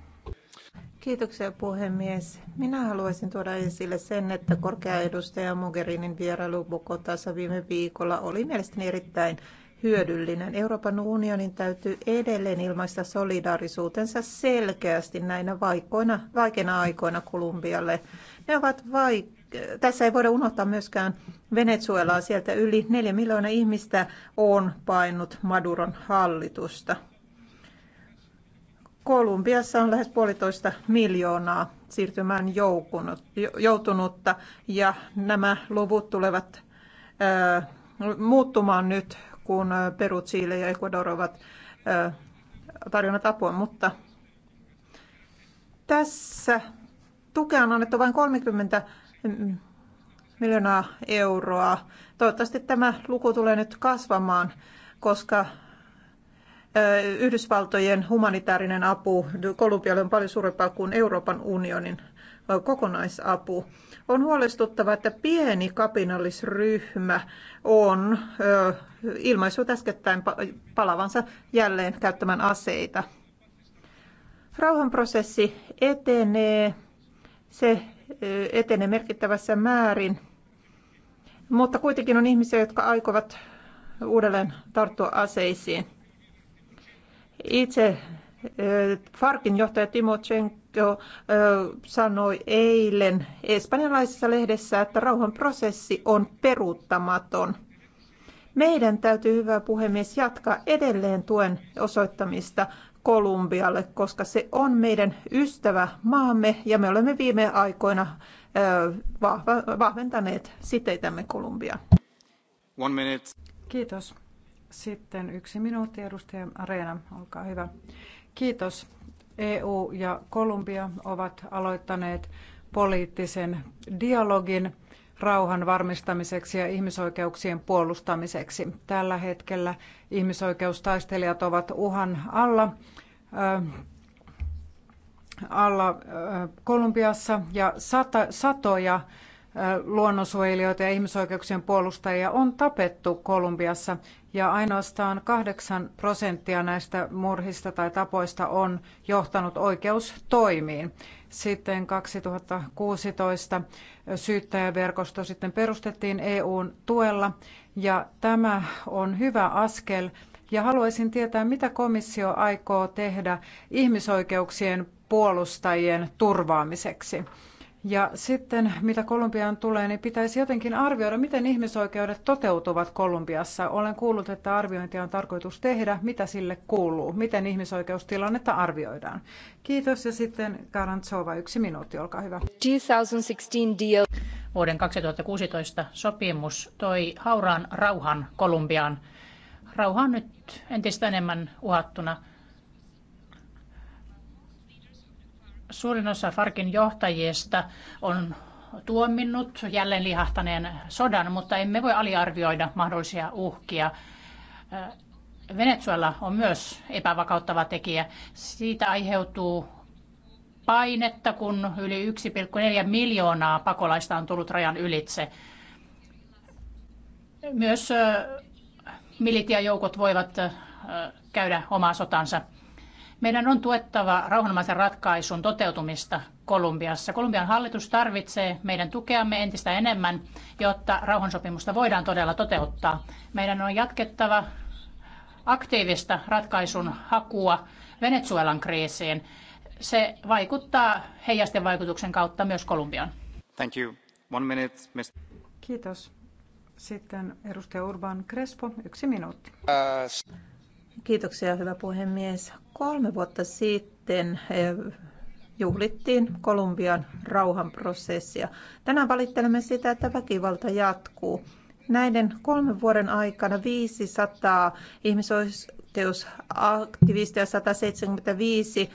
Kiitoksia puhemies. Minä haluaisin tuoda esille sen, että korkea edustaja Mogherinin vierailu Bogotassa viime viikolla oli mielestäni erittäin hyödyllinen. Euroopan unionin täytyy edelleen ilmaista solidaarisuutensa selkeästi näinä vaikoina, vaikeina aikoina Kolumbialle. Ne ovat vaik- Tässä ei voida unohtaa myöskään Venezuelaa. Sieltä yli neljä miljoonaa ihmistä on painut Maduron hallitusta. Kolumbiassa on lähes puolitoista miljoonaa siirtymään joutunutta ja nämä luvut tulevat ö, muuttumaan nyt kun Peru, Chile ja Ecuador ovat tarjonneet apua, mutta tässä tukea on annettu vain 30 miljoonaa euroa. Toivottavasti tämä luku tulee nyt kasvamaan, koska Yhdysvaltojen humanitaarinen apu Kolumbialle on paljon suurempaa kuin Euroopan unionin kokonaisapu. On huolestuttava, että pieni kapinallisryhmä on ilmaissut äskettäin palavansa jälleen käyttämään aseita. Rauhanprosessi etenee, se etenee merkittävässä määrin, mutta kuitenkin on ihmisiä, jotka aikovat uudelleen tarttua aseisiin. Itse Farkin johtaja Timochenko sanoi eilen espanjalaisessa lehdessä, että rauhanprosessi on peruuttamaton. Meidän täytyy, hyvä puhemies, jatkaa edelleen tuen osoittamista Kolumbialle, koska se on meidän ystävä maamme ja me olemme viime aikoina vahventaneet siteitämme Kolumbiaan. One minute. Kiitos. Sitten yksi minuutti, edustaja Areena, olkaa hyvä. Kiitos. EU ja Kolumbia ovat aloittaneet poliittisen dialogin rauhan varmistamiseksi ja ihmisoikeuksien puolustamiseksi. Tällä hetkellä ihmisoikeustaistelijat ovat uhan alla, äh, alla äh, Kolumbiassa ja sata, satoja luonnonsuojelijoita ja ihmisoikeuksien puolustajia on tapettu Kolumbiassa ja ainoastaan 8 prosenttia näistä murhista tai tapoista on johtanut oikeustoimiin. Sitten 2016 syyttäjäverkosto sitten perustettiin EUn tuella ja tämä on hyvä askel ja haluaisin tietää, mitä komissio aikoo tehdä ihmisoikeuksien puolustajien turvaamiseksi. Ja sitten mitä Kolumbiaan tulee, niin pitäisi jotenkin arvioida, miten ihmisoikeudet toteutuvat Kolumbiassa. Olen kuullut, että arviointia on tarkoitus tehdä, mitä sille kuuluu, miten ihmisoikeustilannetta arvioidaan. Kiitos ja sitten Karantsova, yksi minuutti, olkaa hyvä. 2016 deal. Vuoden 2016 sopimus toi hauraan rauhan Kolumbiaan. Rauha on nyt entistä enemmän uhattuna Suurin osa Farkin johtajista on tuominnut jälleen lihahtaneen sodan, mutta emme voi aliarvioida mahdollisia uhkia. Venezuela on myös epävakauttava tekijä. Siitä aiheutuu painetta, kun yli 1,4 miljoonaa pakolaista on tullut rajan ylitse. Myös militiajoukot voivat käydä omaa sotansa. Meidän on tuettava rauhanomaisen ratkaisun toteutumista Kolumbiassa. Kolumbian hallitus tarvitsee meidän tukeamme entistä enemmän, jotta rauhansopimusta voidaan todella toteuttaa. Meidän on jatkettava aktiivista ratkaisun hakua Venezuelan kriisiin. Se vaikuttaa heijasten vaikutuksen kautta myös Kolumbiaan. Thank you. One minute, Mr. Kiitos. Sitten edustaja Urban Crespo, yksi minuutti. Uh... Kiitoksia, hyvä puhemies. Kolme vuotta sitten eh, juhlittiin Kolumbian rauhanprosessia. Tänään valittelemme sitä, että väkivalta jatkuu. Näiden kolmen vuoden aikana 500 ihmisoikeusaktivistia ja 175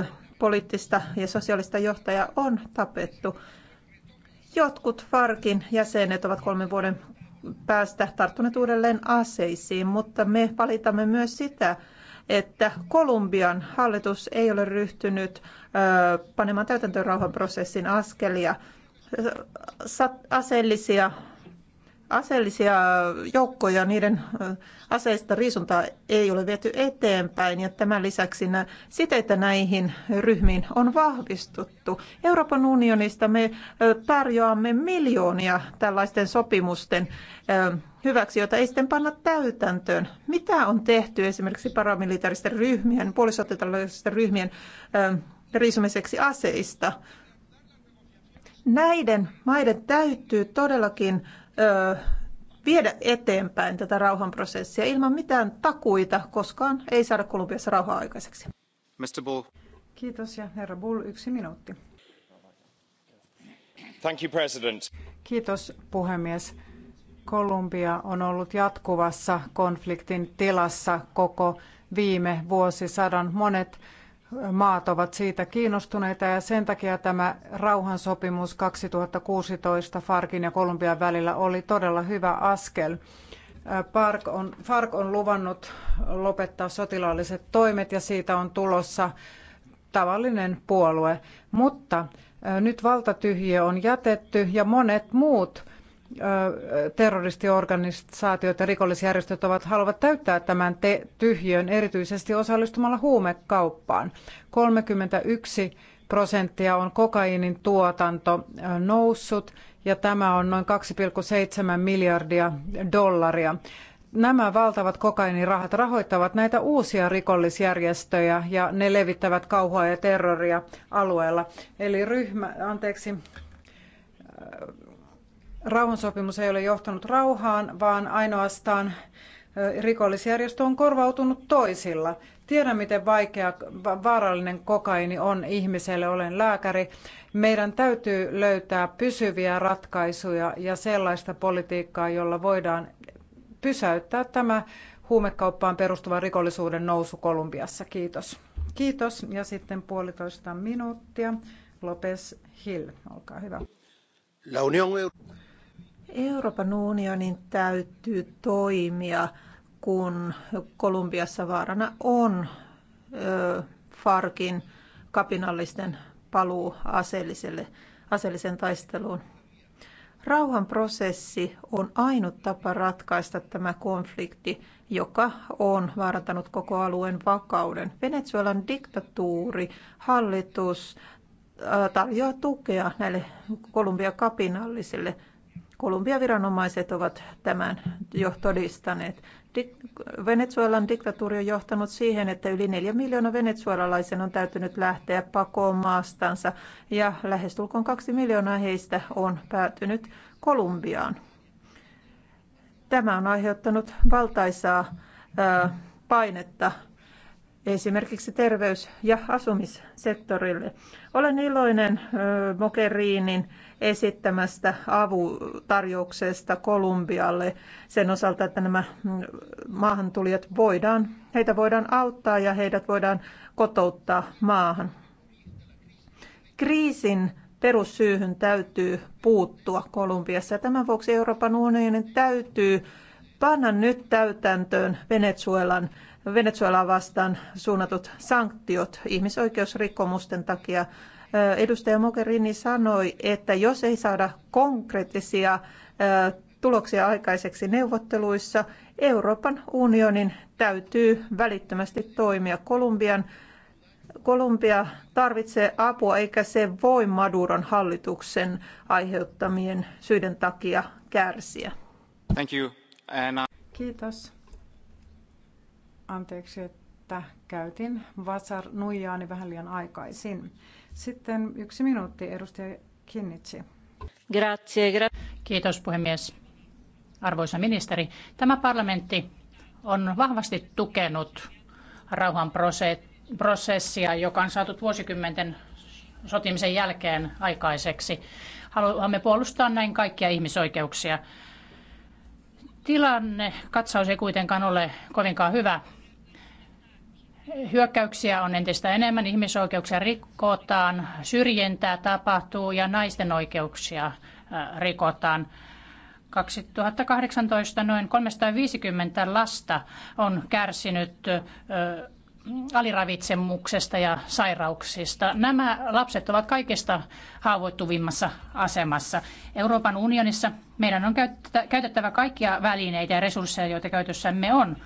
ö, poliittista ja sosiaalista johtajaa on tapettu. Jotkut Farkin jäsenet ovat kolmen vuoden päästä tarttuneet uudelleen aseisiin, mutta me valitamme myös sitä, että Kolumbian hallitus ei ole ryhtynyt panemaan täytäntöön rauhanprosessin askelia. Aseellisia aseellisia joukkoja, niiden aseista riisuntaa ei ole viety eteenpäin ja tämän lisäksi nä, siteitä näihin ryhmiin on vahvistuttu. Euroopan unionista me tarjoamme miljoonia tällaisten sopimusten hyväksi, joita ei sitten panna täytäntöön. Mitä on tehty esimerkiksi paramilitaristen ryhmien, puolisotilaisten ryhmien riisumiseksi aseista? Näiden maiden täytyy todellakin viedä eteenpäin tätä rauhanprosessia ilman mitään takuita, koskaan ei saada Kolumbiassa rauhaa aikaiseksi. Mr. Bull. Kiitos ja herra Bull, yksi minuutti. Thank you, President. Kiitos puhemies. Kolumbia on ollut jatkuvassa konfliktin tilassa koko viime vuosisadan. Monet maat ovat siitä kiinnostuneita ja sen takia tämä rauhansopimus 2016 Farkin ja Kolumbian välillä oli todella hyvä askel. Park on, FARC on luvannut lopettaa sotilaalliset toimet ja siitä on tulossa tavallinen puolue. Mutta nyt valtatyhjiö on jätetty ja monet muut terroristiorganisaatiot ja rikollisjärjestöt ovat haluavat täyttää tämän te- tyhjön erityisesti osallistumalla huumekauppaan. 31 prosenttia on kokaiinin tuotanto noussut ja tämä on noin 2,7 miljardia dollaria. Nämä valtavat kokainirahat rahoittavat näitä uusia rikollisjärjestöjä ja ne levittävät kauhua ja terroria alueella. Eli ryhmä, anteeksi, rauhansopimus ei ole johtanut rauhaan, vaan ainoastaan rikollisjärjestö on korvautunut toisilla. Tiedän, miten vaikea vaarallinen kokaini on ihmiselle, olen lääkäri. Meidän täytyy löytää pysyviä ratkaisuja ja sellaista politiikkaa, jolla voidaan pysäyttää tämä huumekauppaan perustuva rikollisuuden nousu Kolumbiassa. Kiitos. Kiitos. Ja sitten puolitoista minuuttia. Lopes Hill, olkaa hyvä. La Unión Euroopan unionin täytyy toimia, kun Kolumbiassa vaarana on Farkin kapinallisten paluu aseelliselle, aseelliseen taisteluun. Rauhanprosessi on ainut tapa ratkaista tämä konflikti, joka on vaarantanut koko alueen vakauden. Venezuelan diktatuuri, hallitus tarjoaa tukea näille Kolumbian kapinallisille – Kolumbian viranomaiset ovat tämän jo todistaneet. Venezuelan diktatuuri on johtanut siihen, että yli neljä miljoonaa venezuelalaisen on täytynyt lähteä pakoon maastansa ja lähestulkoon kaksi miljoonaa heistä on päätynyt Kolumbiaan. Tämä on aiheuttanut valtaisaa painetta esimerkiksi terveys- ja asumissektorille. Olen iloinen mokeriinin esittämästä avutarjouksesta Kolumbialle sen osalta, että nämä mm, maahantulijat voidaan, heitä voidaan auttaa ja heidät voidaan kotouttaa maahan. Kriisin perussyyhyn täytyy puuttua Kolumbiassa. Tämän vuoksi Euroopan unionin täytyy panna nyt täytäntöön Venezuelan Venezuelaa vastaan suunnatut sanktiot ihmisoikeusrikkomusten takia. Edustaja Mogherini sanoi, että jos ei saada konkreettisia tuloksia aikaiseksi neuvotteluissa, Euroopan unionin täytyy välittömästi toimia. Kolumbian, Kolumbia tarvitsee apua eikä se voi Maduron hallituksen aiheuttamien syiden takia kärsiä. Thank you. Anna. Kiitos. Anteeksi, että käytin Vatsar nuijaani vähän liian aikaisin. Sitten yksi minuutti, edustaja Kinnitsi. Grazie, gra- Kiitos puhemies. Arvoisa ministeri, tämä parlamentti on vahvasti tukenut rauhanprosessia, joka on saatu vuosikymmenten sotimisen jälkeen aikaiseksi. Haluamme puolustaa näin kaikkia ihmisoikeuksia. Tilanne katsaus ei kuitenkaan ole kovinkaan hyvä hyökkäyksiä on entistä enemmän, ihmisoikeuksia rikotaan, syrjintää tapahtuu ja naisten oikeuksia rikotaan. 2018 noin 350 lasta on kärsinyt aliravitsemuksesta ja sairauksista. Nämä lapset ovat kaikista haavoittuvimmassa asemassa. Euroopan unionissa meidän on käytettävä kaikkia välineitä ja resursseja, joita käytössämme on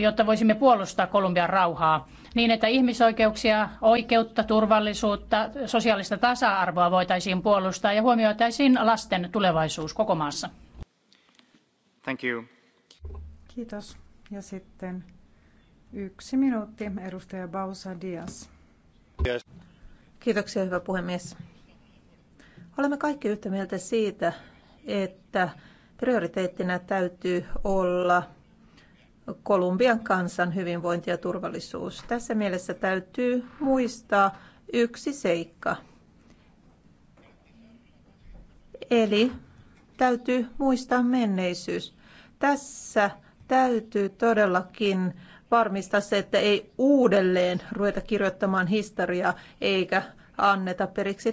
jotta voisimme puolustaa Kolumbian rauhaa niin, että ihmisoikeuksia, oikeutta, turvallisuutta, sosiaalista tasa-arvoa voitaisiin puolustaa ja huomioitaisiin lasten tulevaisuus koko maassa. Thank you. Kiitos. Ja sitten yksi minuutti, edustaja Bausa Dias. Yes. Kiitoksia, hyvä puhemies. Olemme kaikki yhtä mieltä siitä, että prioriteettina täytyy olla – Kolumbian kansan hyvinvointi ja turvallisuus. Tässä mielessä täytyy muistaa yksi seikka. Eli täytyy muistaa menneisyys. Tässä täytyy todellakin varmistaa se, että ei uudelleen ruveta kirjoittamaan historiaa eikä anneta periksi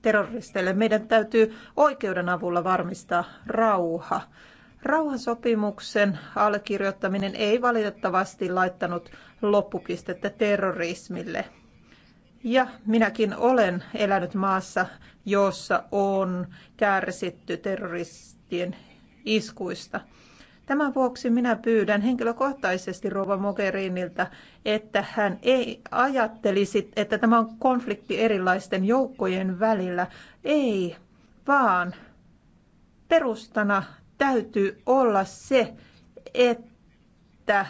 terroristeille. Meidän täytyy oikeuden avulla varmistaa rauha. Rauhansopimuksen allekirjoittaminen ei valitettavasti laittanut loppupistettä terrorismille. Ja minäkin olen elänyt maassa, jossa on kärsitty terroristien iskuista. Tämän vuoksi minä pyydän henkilökohtaisesti Rova Mogherinilta, että hän ei ajattelisi, että tämä on konflikti erilaisten joukkojen välillä. Ei, vaan perustana täytyy olla se, että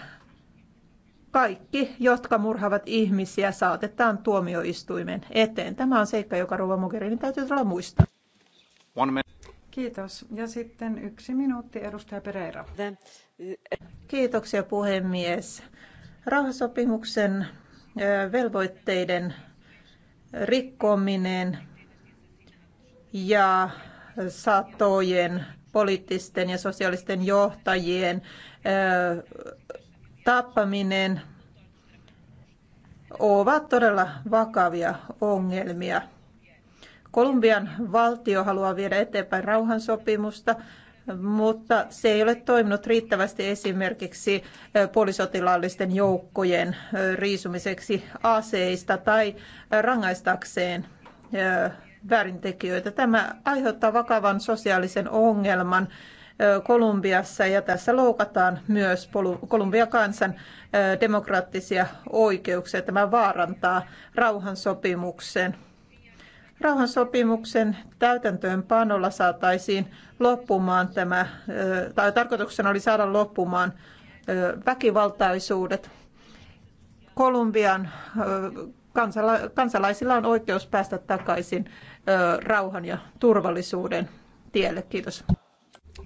kaikki, jotka murhaavat ihmisiä, saatetaan tuomioistuimen eteen. Tämä on seikka, joka Rova Mogherini täytyy olla muistaa. Kiitos. Ja sitten yksi minuutti, edustaja Pereira. Kiitoksia puhemies. Rauhasopimuksen velvoitteiden rikkominen ja satojen poliittisten ja sosiaalisten johtajien tappaminen ovat todella vakavia ongelmia. Kolumbian valtio haluaa viedä eteenpäin rauhansopimusta, mutta se ei ole toiminut riittävästi esimerkiksi puolisotilaallisten joukkojen riisumiseksi aseista tai rangaistakseen väärintekijöitä. Tämä aiheuttaa vakavan sosiaalisen ongelman Kolumbiassa ja tässä loukataan myös Kolumbian kansan demokraattisia oikeuksia. Tämä vaarantaa rauhansopimuksen. Rauhansopimuksen täytäntöönpanolla saataisiin loppumaan tämä, tai tarkoituksena oli saada loppumaan väkivaltaisuudet. Kolumbian kansala- kansalaisilla on oikeus päästä takaisin ö, rauhan ja turvallisuuden tielle. Kiitos.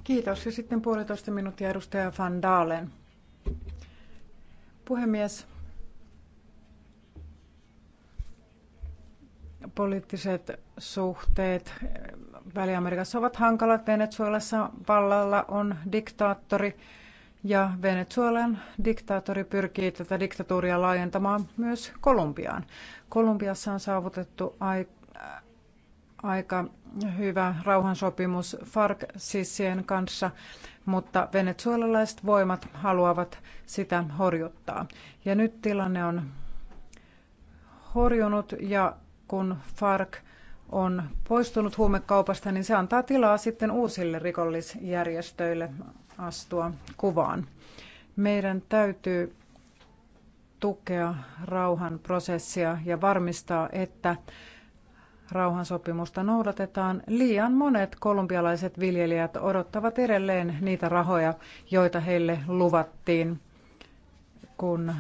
Kiitos. Ja sitten puolitoista minuuttia edustaja Van Daalen. Puhemies, poliittiset suhteet Väli-Amerikassa ovat hankalat. Venezuelassa vallalla on diktaattori, ja Venezuelan diktaattori pyrkii tätä diktatuuria laajentamaan myös Kolumbiaan. Kolumbiassa on saavutettu aika hyvä rauhansopimus FARC-sissien kanssa, mutta venezuelalaiset voimat haluavat sitä horjuttaa. Ja nyt tilanne on horjunut ja kun FARC on poistunut huumekaupasta, niin se antaa tilaa sitten uusille rikollisjärjestöille astua kuvaan. Meidän täytyy tukea rauhan prosessia ja varmistaa, että rauhansopimusta noudatetaan. Liian monet kolumbialaiset viljelijät odottavat edelleen niitä rahoja, joita heille luvattiin, kun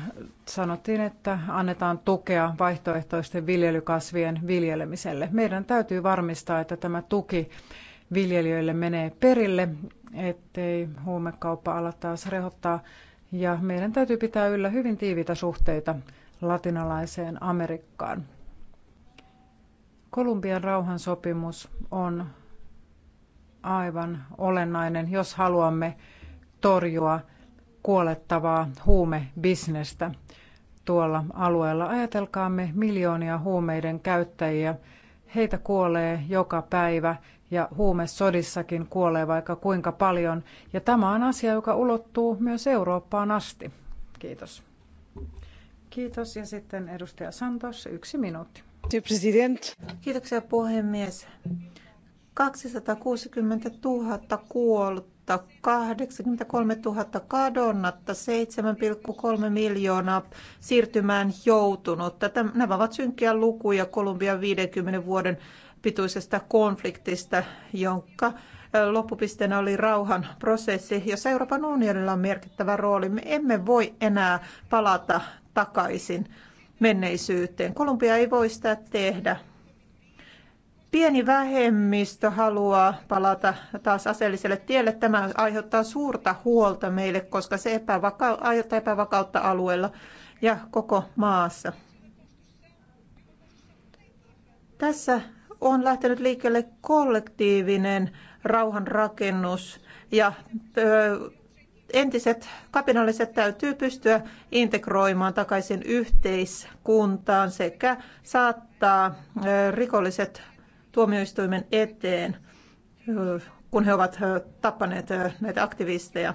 sanottiin, että annetaan tukea vaihtoehtoisten viljelykasvien viljelemiselle. Meidän täytyy varmistaa, että tämä tuki viljelijöille menee perille ettei huumekauppa ala taas rehottaa. Ja meidän täytyy pitää yllä hyvin tiiviitä suhteita latinalaiseen Amerikkaan. Kolumbian rauhansopimus on aivan olennainen, jos haluamme torjua kuolettavaa huumebisnestä tuolla alueella. Ajatelkaamme miljoonia huumeiden käyttäjiä. Heitä kuolee joka päivä ja huumesodissakin kuolee vaikka kuinka paljon. Ja tämä on asia, joka ulottuu myös Eurooppaan asti. Kiitos. Kiitos. Ja sitten edustaja Santos, yksi minuutti. President. Kiitoksia puhemies. 260 000 kuollut 83 000 kadonnatta, 7,3 miljoonaa siirtymään joutunutta. Nämä ovat synkkiä lukuja Kolumbian 50 vuoden pituisesta konfliktista, jonka loppupisteenä oli rauhan prosessi, jossa Euroopan unionilla on merkittävä rooli. Me emme voi enää palata takaisin menneisyyteen. Kolumbia ei voi sitä tehdä pieni vähemmistö haluaa palata taas aseelliselle tielle. Tämä aiheuttaa suurta huolta meille, koska se epävaka- aiheuttaa epävakautta alueella ja koko maassa. Tässä on lähtenyt liikkeelle kollektiivinen rauhanrakennus ja entiset kapinalliset täytyy pystyä integroimaan takaisin yhteiskuntaan sekä saattaa rikolliset tuomioistuimen eteen, kun he ovat tappaneet näitä aktivisteja.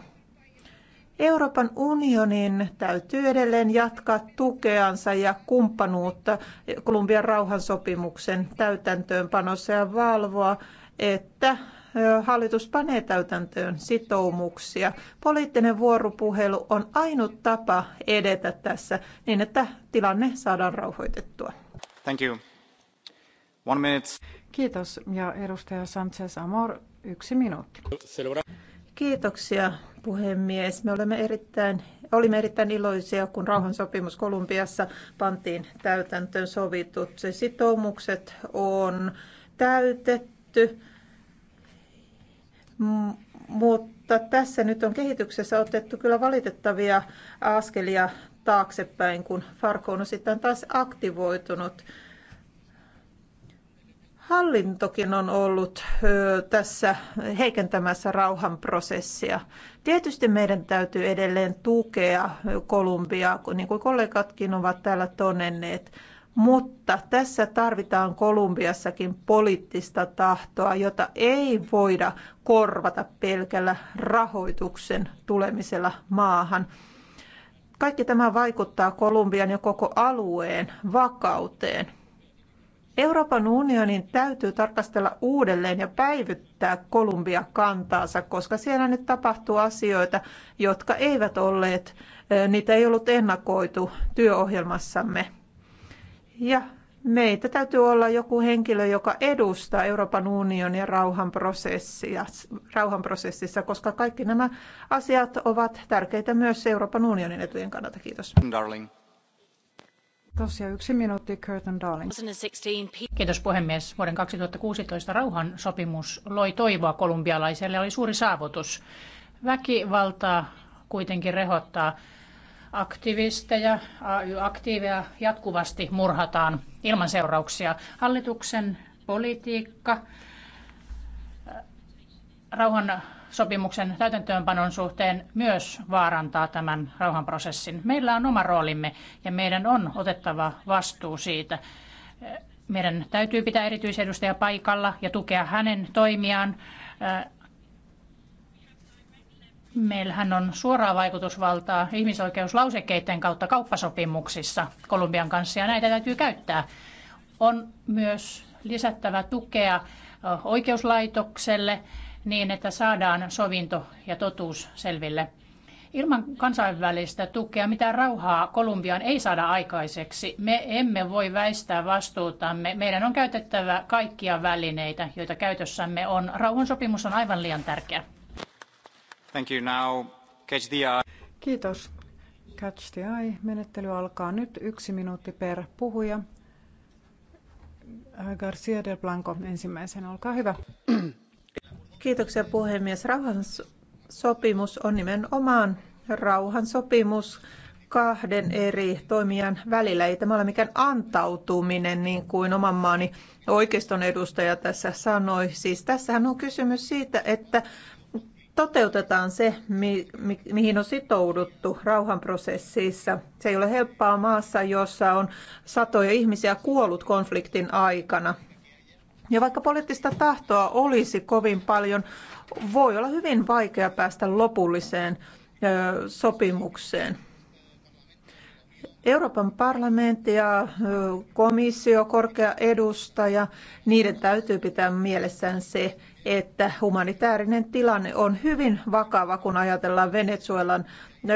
Euroopan unionin täytyy edelleen jatkaa tukeansa ja kumppanuutta Kolumbian rauhansopimuksen täytäntöönpanossa ja valvoa, että hallitus panee täytäntöön sitoumuksia. Poliittinen vuoropuhelu on ainut tapa edetä tässä niin, että tilanne saadaan rauhoitettua. Thank you. One minute. Kiitos. Ja edustaja Sanchez Amor, yksi minuutti. Kiitoksia puhemies. Me olemme erittäin, olimme erittäin iloisia, kun rauhansopimus Kolumbiassa pantiin täytäntöön sovitut. Se sitoumukset on täytetty, mutta tässä nyt on kehityksessä otettu kyllä valitettavia askelia taaksepäin, kun Farko on sitten taas aktivoitunut hallintokin on ollut tässä heikentämässä rauhanprosessia. Tietysti meidän täytyy edelleen tukea Kolumbiaa, niin kuin kollegatkin ovat täällä todenneet, mutta tässä tarvitaan Kolumbiassakin poliittista tahtoa, jota ei voida korvata pelkällä rahoituksen tulemisella maahan. Kaikki tämä vaikuttaa Kolumbian ja koko alueen vakauteen. Euroopan unionin täytyy tarkastella uudelleen ja päivyttää Kolumbia kantaansa, koska siellä nyt tapahtuu asioita, jotka eivät olleet, niitä ei ollut ennakoitu työohjelmassamme. Ja meitä täytyy olla joku henkilö, joka edustaa Euroopan unionin rauhanprosessia, rauhanprosessissa, koska kaikki nämä asiat ovat tärkeitä myös Euroopan unionin etujen kannalta. Kiitos. Darling. Kiitoksia. Yksi minuutti, Curtin Darling. Kiitos puhemies. Vuoden 2016 rauhan sopimus loi toivoa kolumbialaiselle. Oli suuri saavutus. Väkivaltaa kuitenkin rehottaa. Aktivisteja, AY-aktiiveja jatkuvasti murhataan ilman seurauksia. Hallituksen politiikka, rauhan sopimuksen täytäntöönpanon suhteen myös vaarantaa tämän rauhanprosessin. Meillä on oma roolimme ja meidän on otettava vastuu siitä. Meidän täytyy pitää erityisedustaja paikalla ja tukea hänen toimiaan. Meillähän on suoraa vaikutusvaltaa ihmisoikeuslausekkeiden kautta kauppasopimuksissa Kolumbian kanssa ja näitä täytyy käyttää. On myös lisättävä tukea oikeuslaitokselle niin, että saadaan sovinto ja totuus selville. Ilman kansainvälistä tukea mitä rauhaa Kolumbiaan ei saada aikaiseksi. Me emme voi väistää vastuutamme. Meidän on käytettävä kaikkia välineitä, joita käytössämme on. Rauhansopimus on aivan liian tärkeä. Thank you now. Catch the eye. Kiitos. Catch the eye. Menettely alkaa nyt yksi minuutti per puhuja. Garcia del Blanco ensimmäisenä, olkaa hyvä. Kiitoksia puhemies. Rauhan sopimus on nimenomaan rauhan sopimus kahden eri toimijan välillä. Ei tämä ole mikään antautuminen, niin kuin oman maani oikeiston edustaja tässä sanoi. Siis tässähän on kysymys siitä, että toteutetaan se, mi- mi- mihin on sitouduttu rauhanprosessissa. Se ei ole helppoa maassa, jossa on satoja ihmisiä kuollut konfliktin aikana. Ja vaikka poliittista tahtoa olisi kovin paljon, voi olla hyvin vaikea päästä lopulliseen sopimukseen. Euroopan parlamentti ja komissio, korkea edustaja, niiden täytyy pitää mielessään se, että humanitaarinen tilanne on hyvin vakava, kun ajatellaan Venezuelan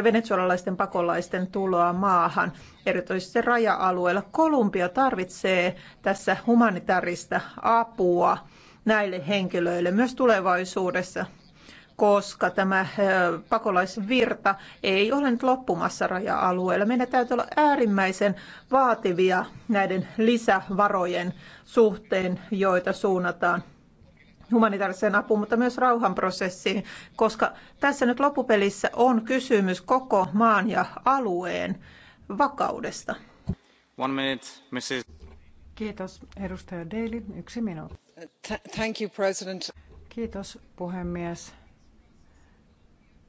venezuelalaisten pakolaisten tuloa maahan, erityisesti raja-alueella. Kolumbia tarvitsee tässä humanitaarista apua näille henkilöille myös tulevaisuudessa koska tämä pakolaisvirta ei ole nyt loppumassa raja-alueella. Meidän täytyy olla äärimmäisen vaativia näiden lisävarojen suhteen, joita suunnataan humanitaariseen apuun, mutta myös rauhanprosessiin, koska tässä nyt loppupelissä on kysymys koko maan ja alueen vakaudesta. One minute, Mrs. Kiitos, edustaja Daly. Yksi minuutti. Thank you, President. Kiitos, puhemies.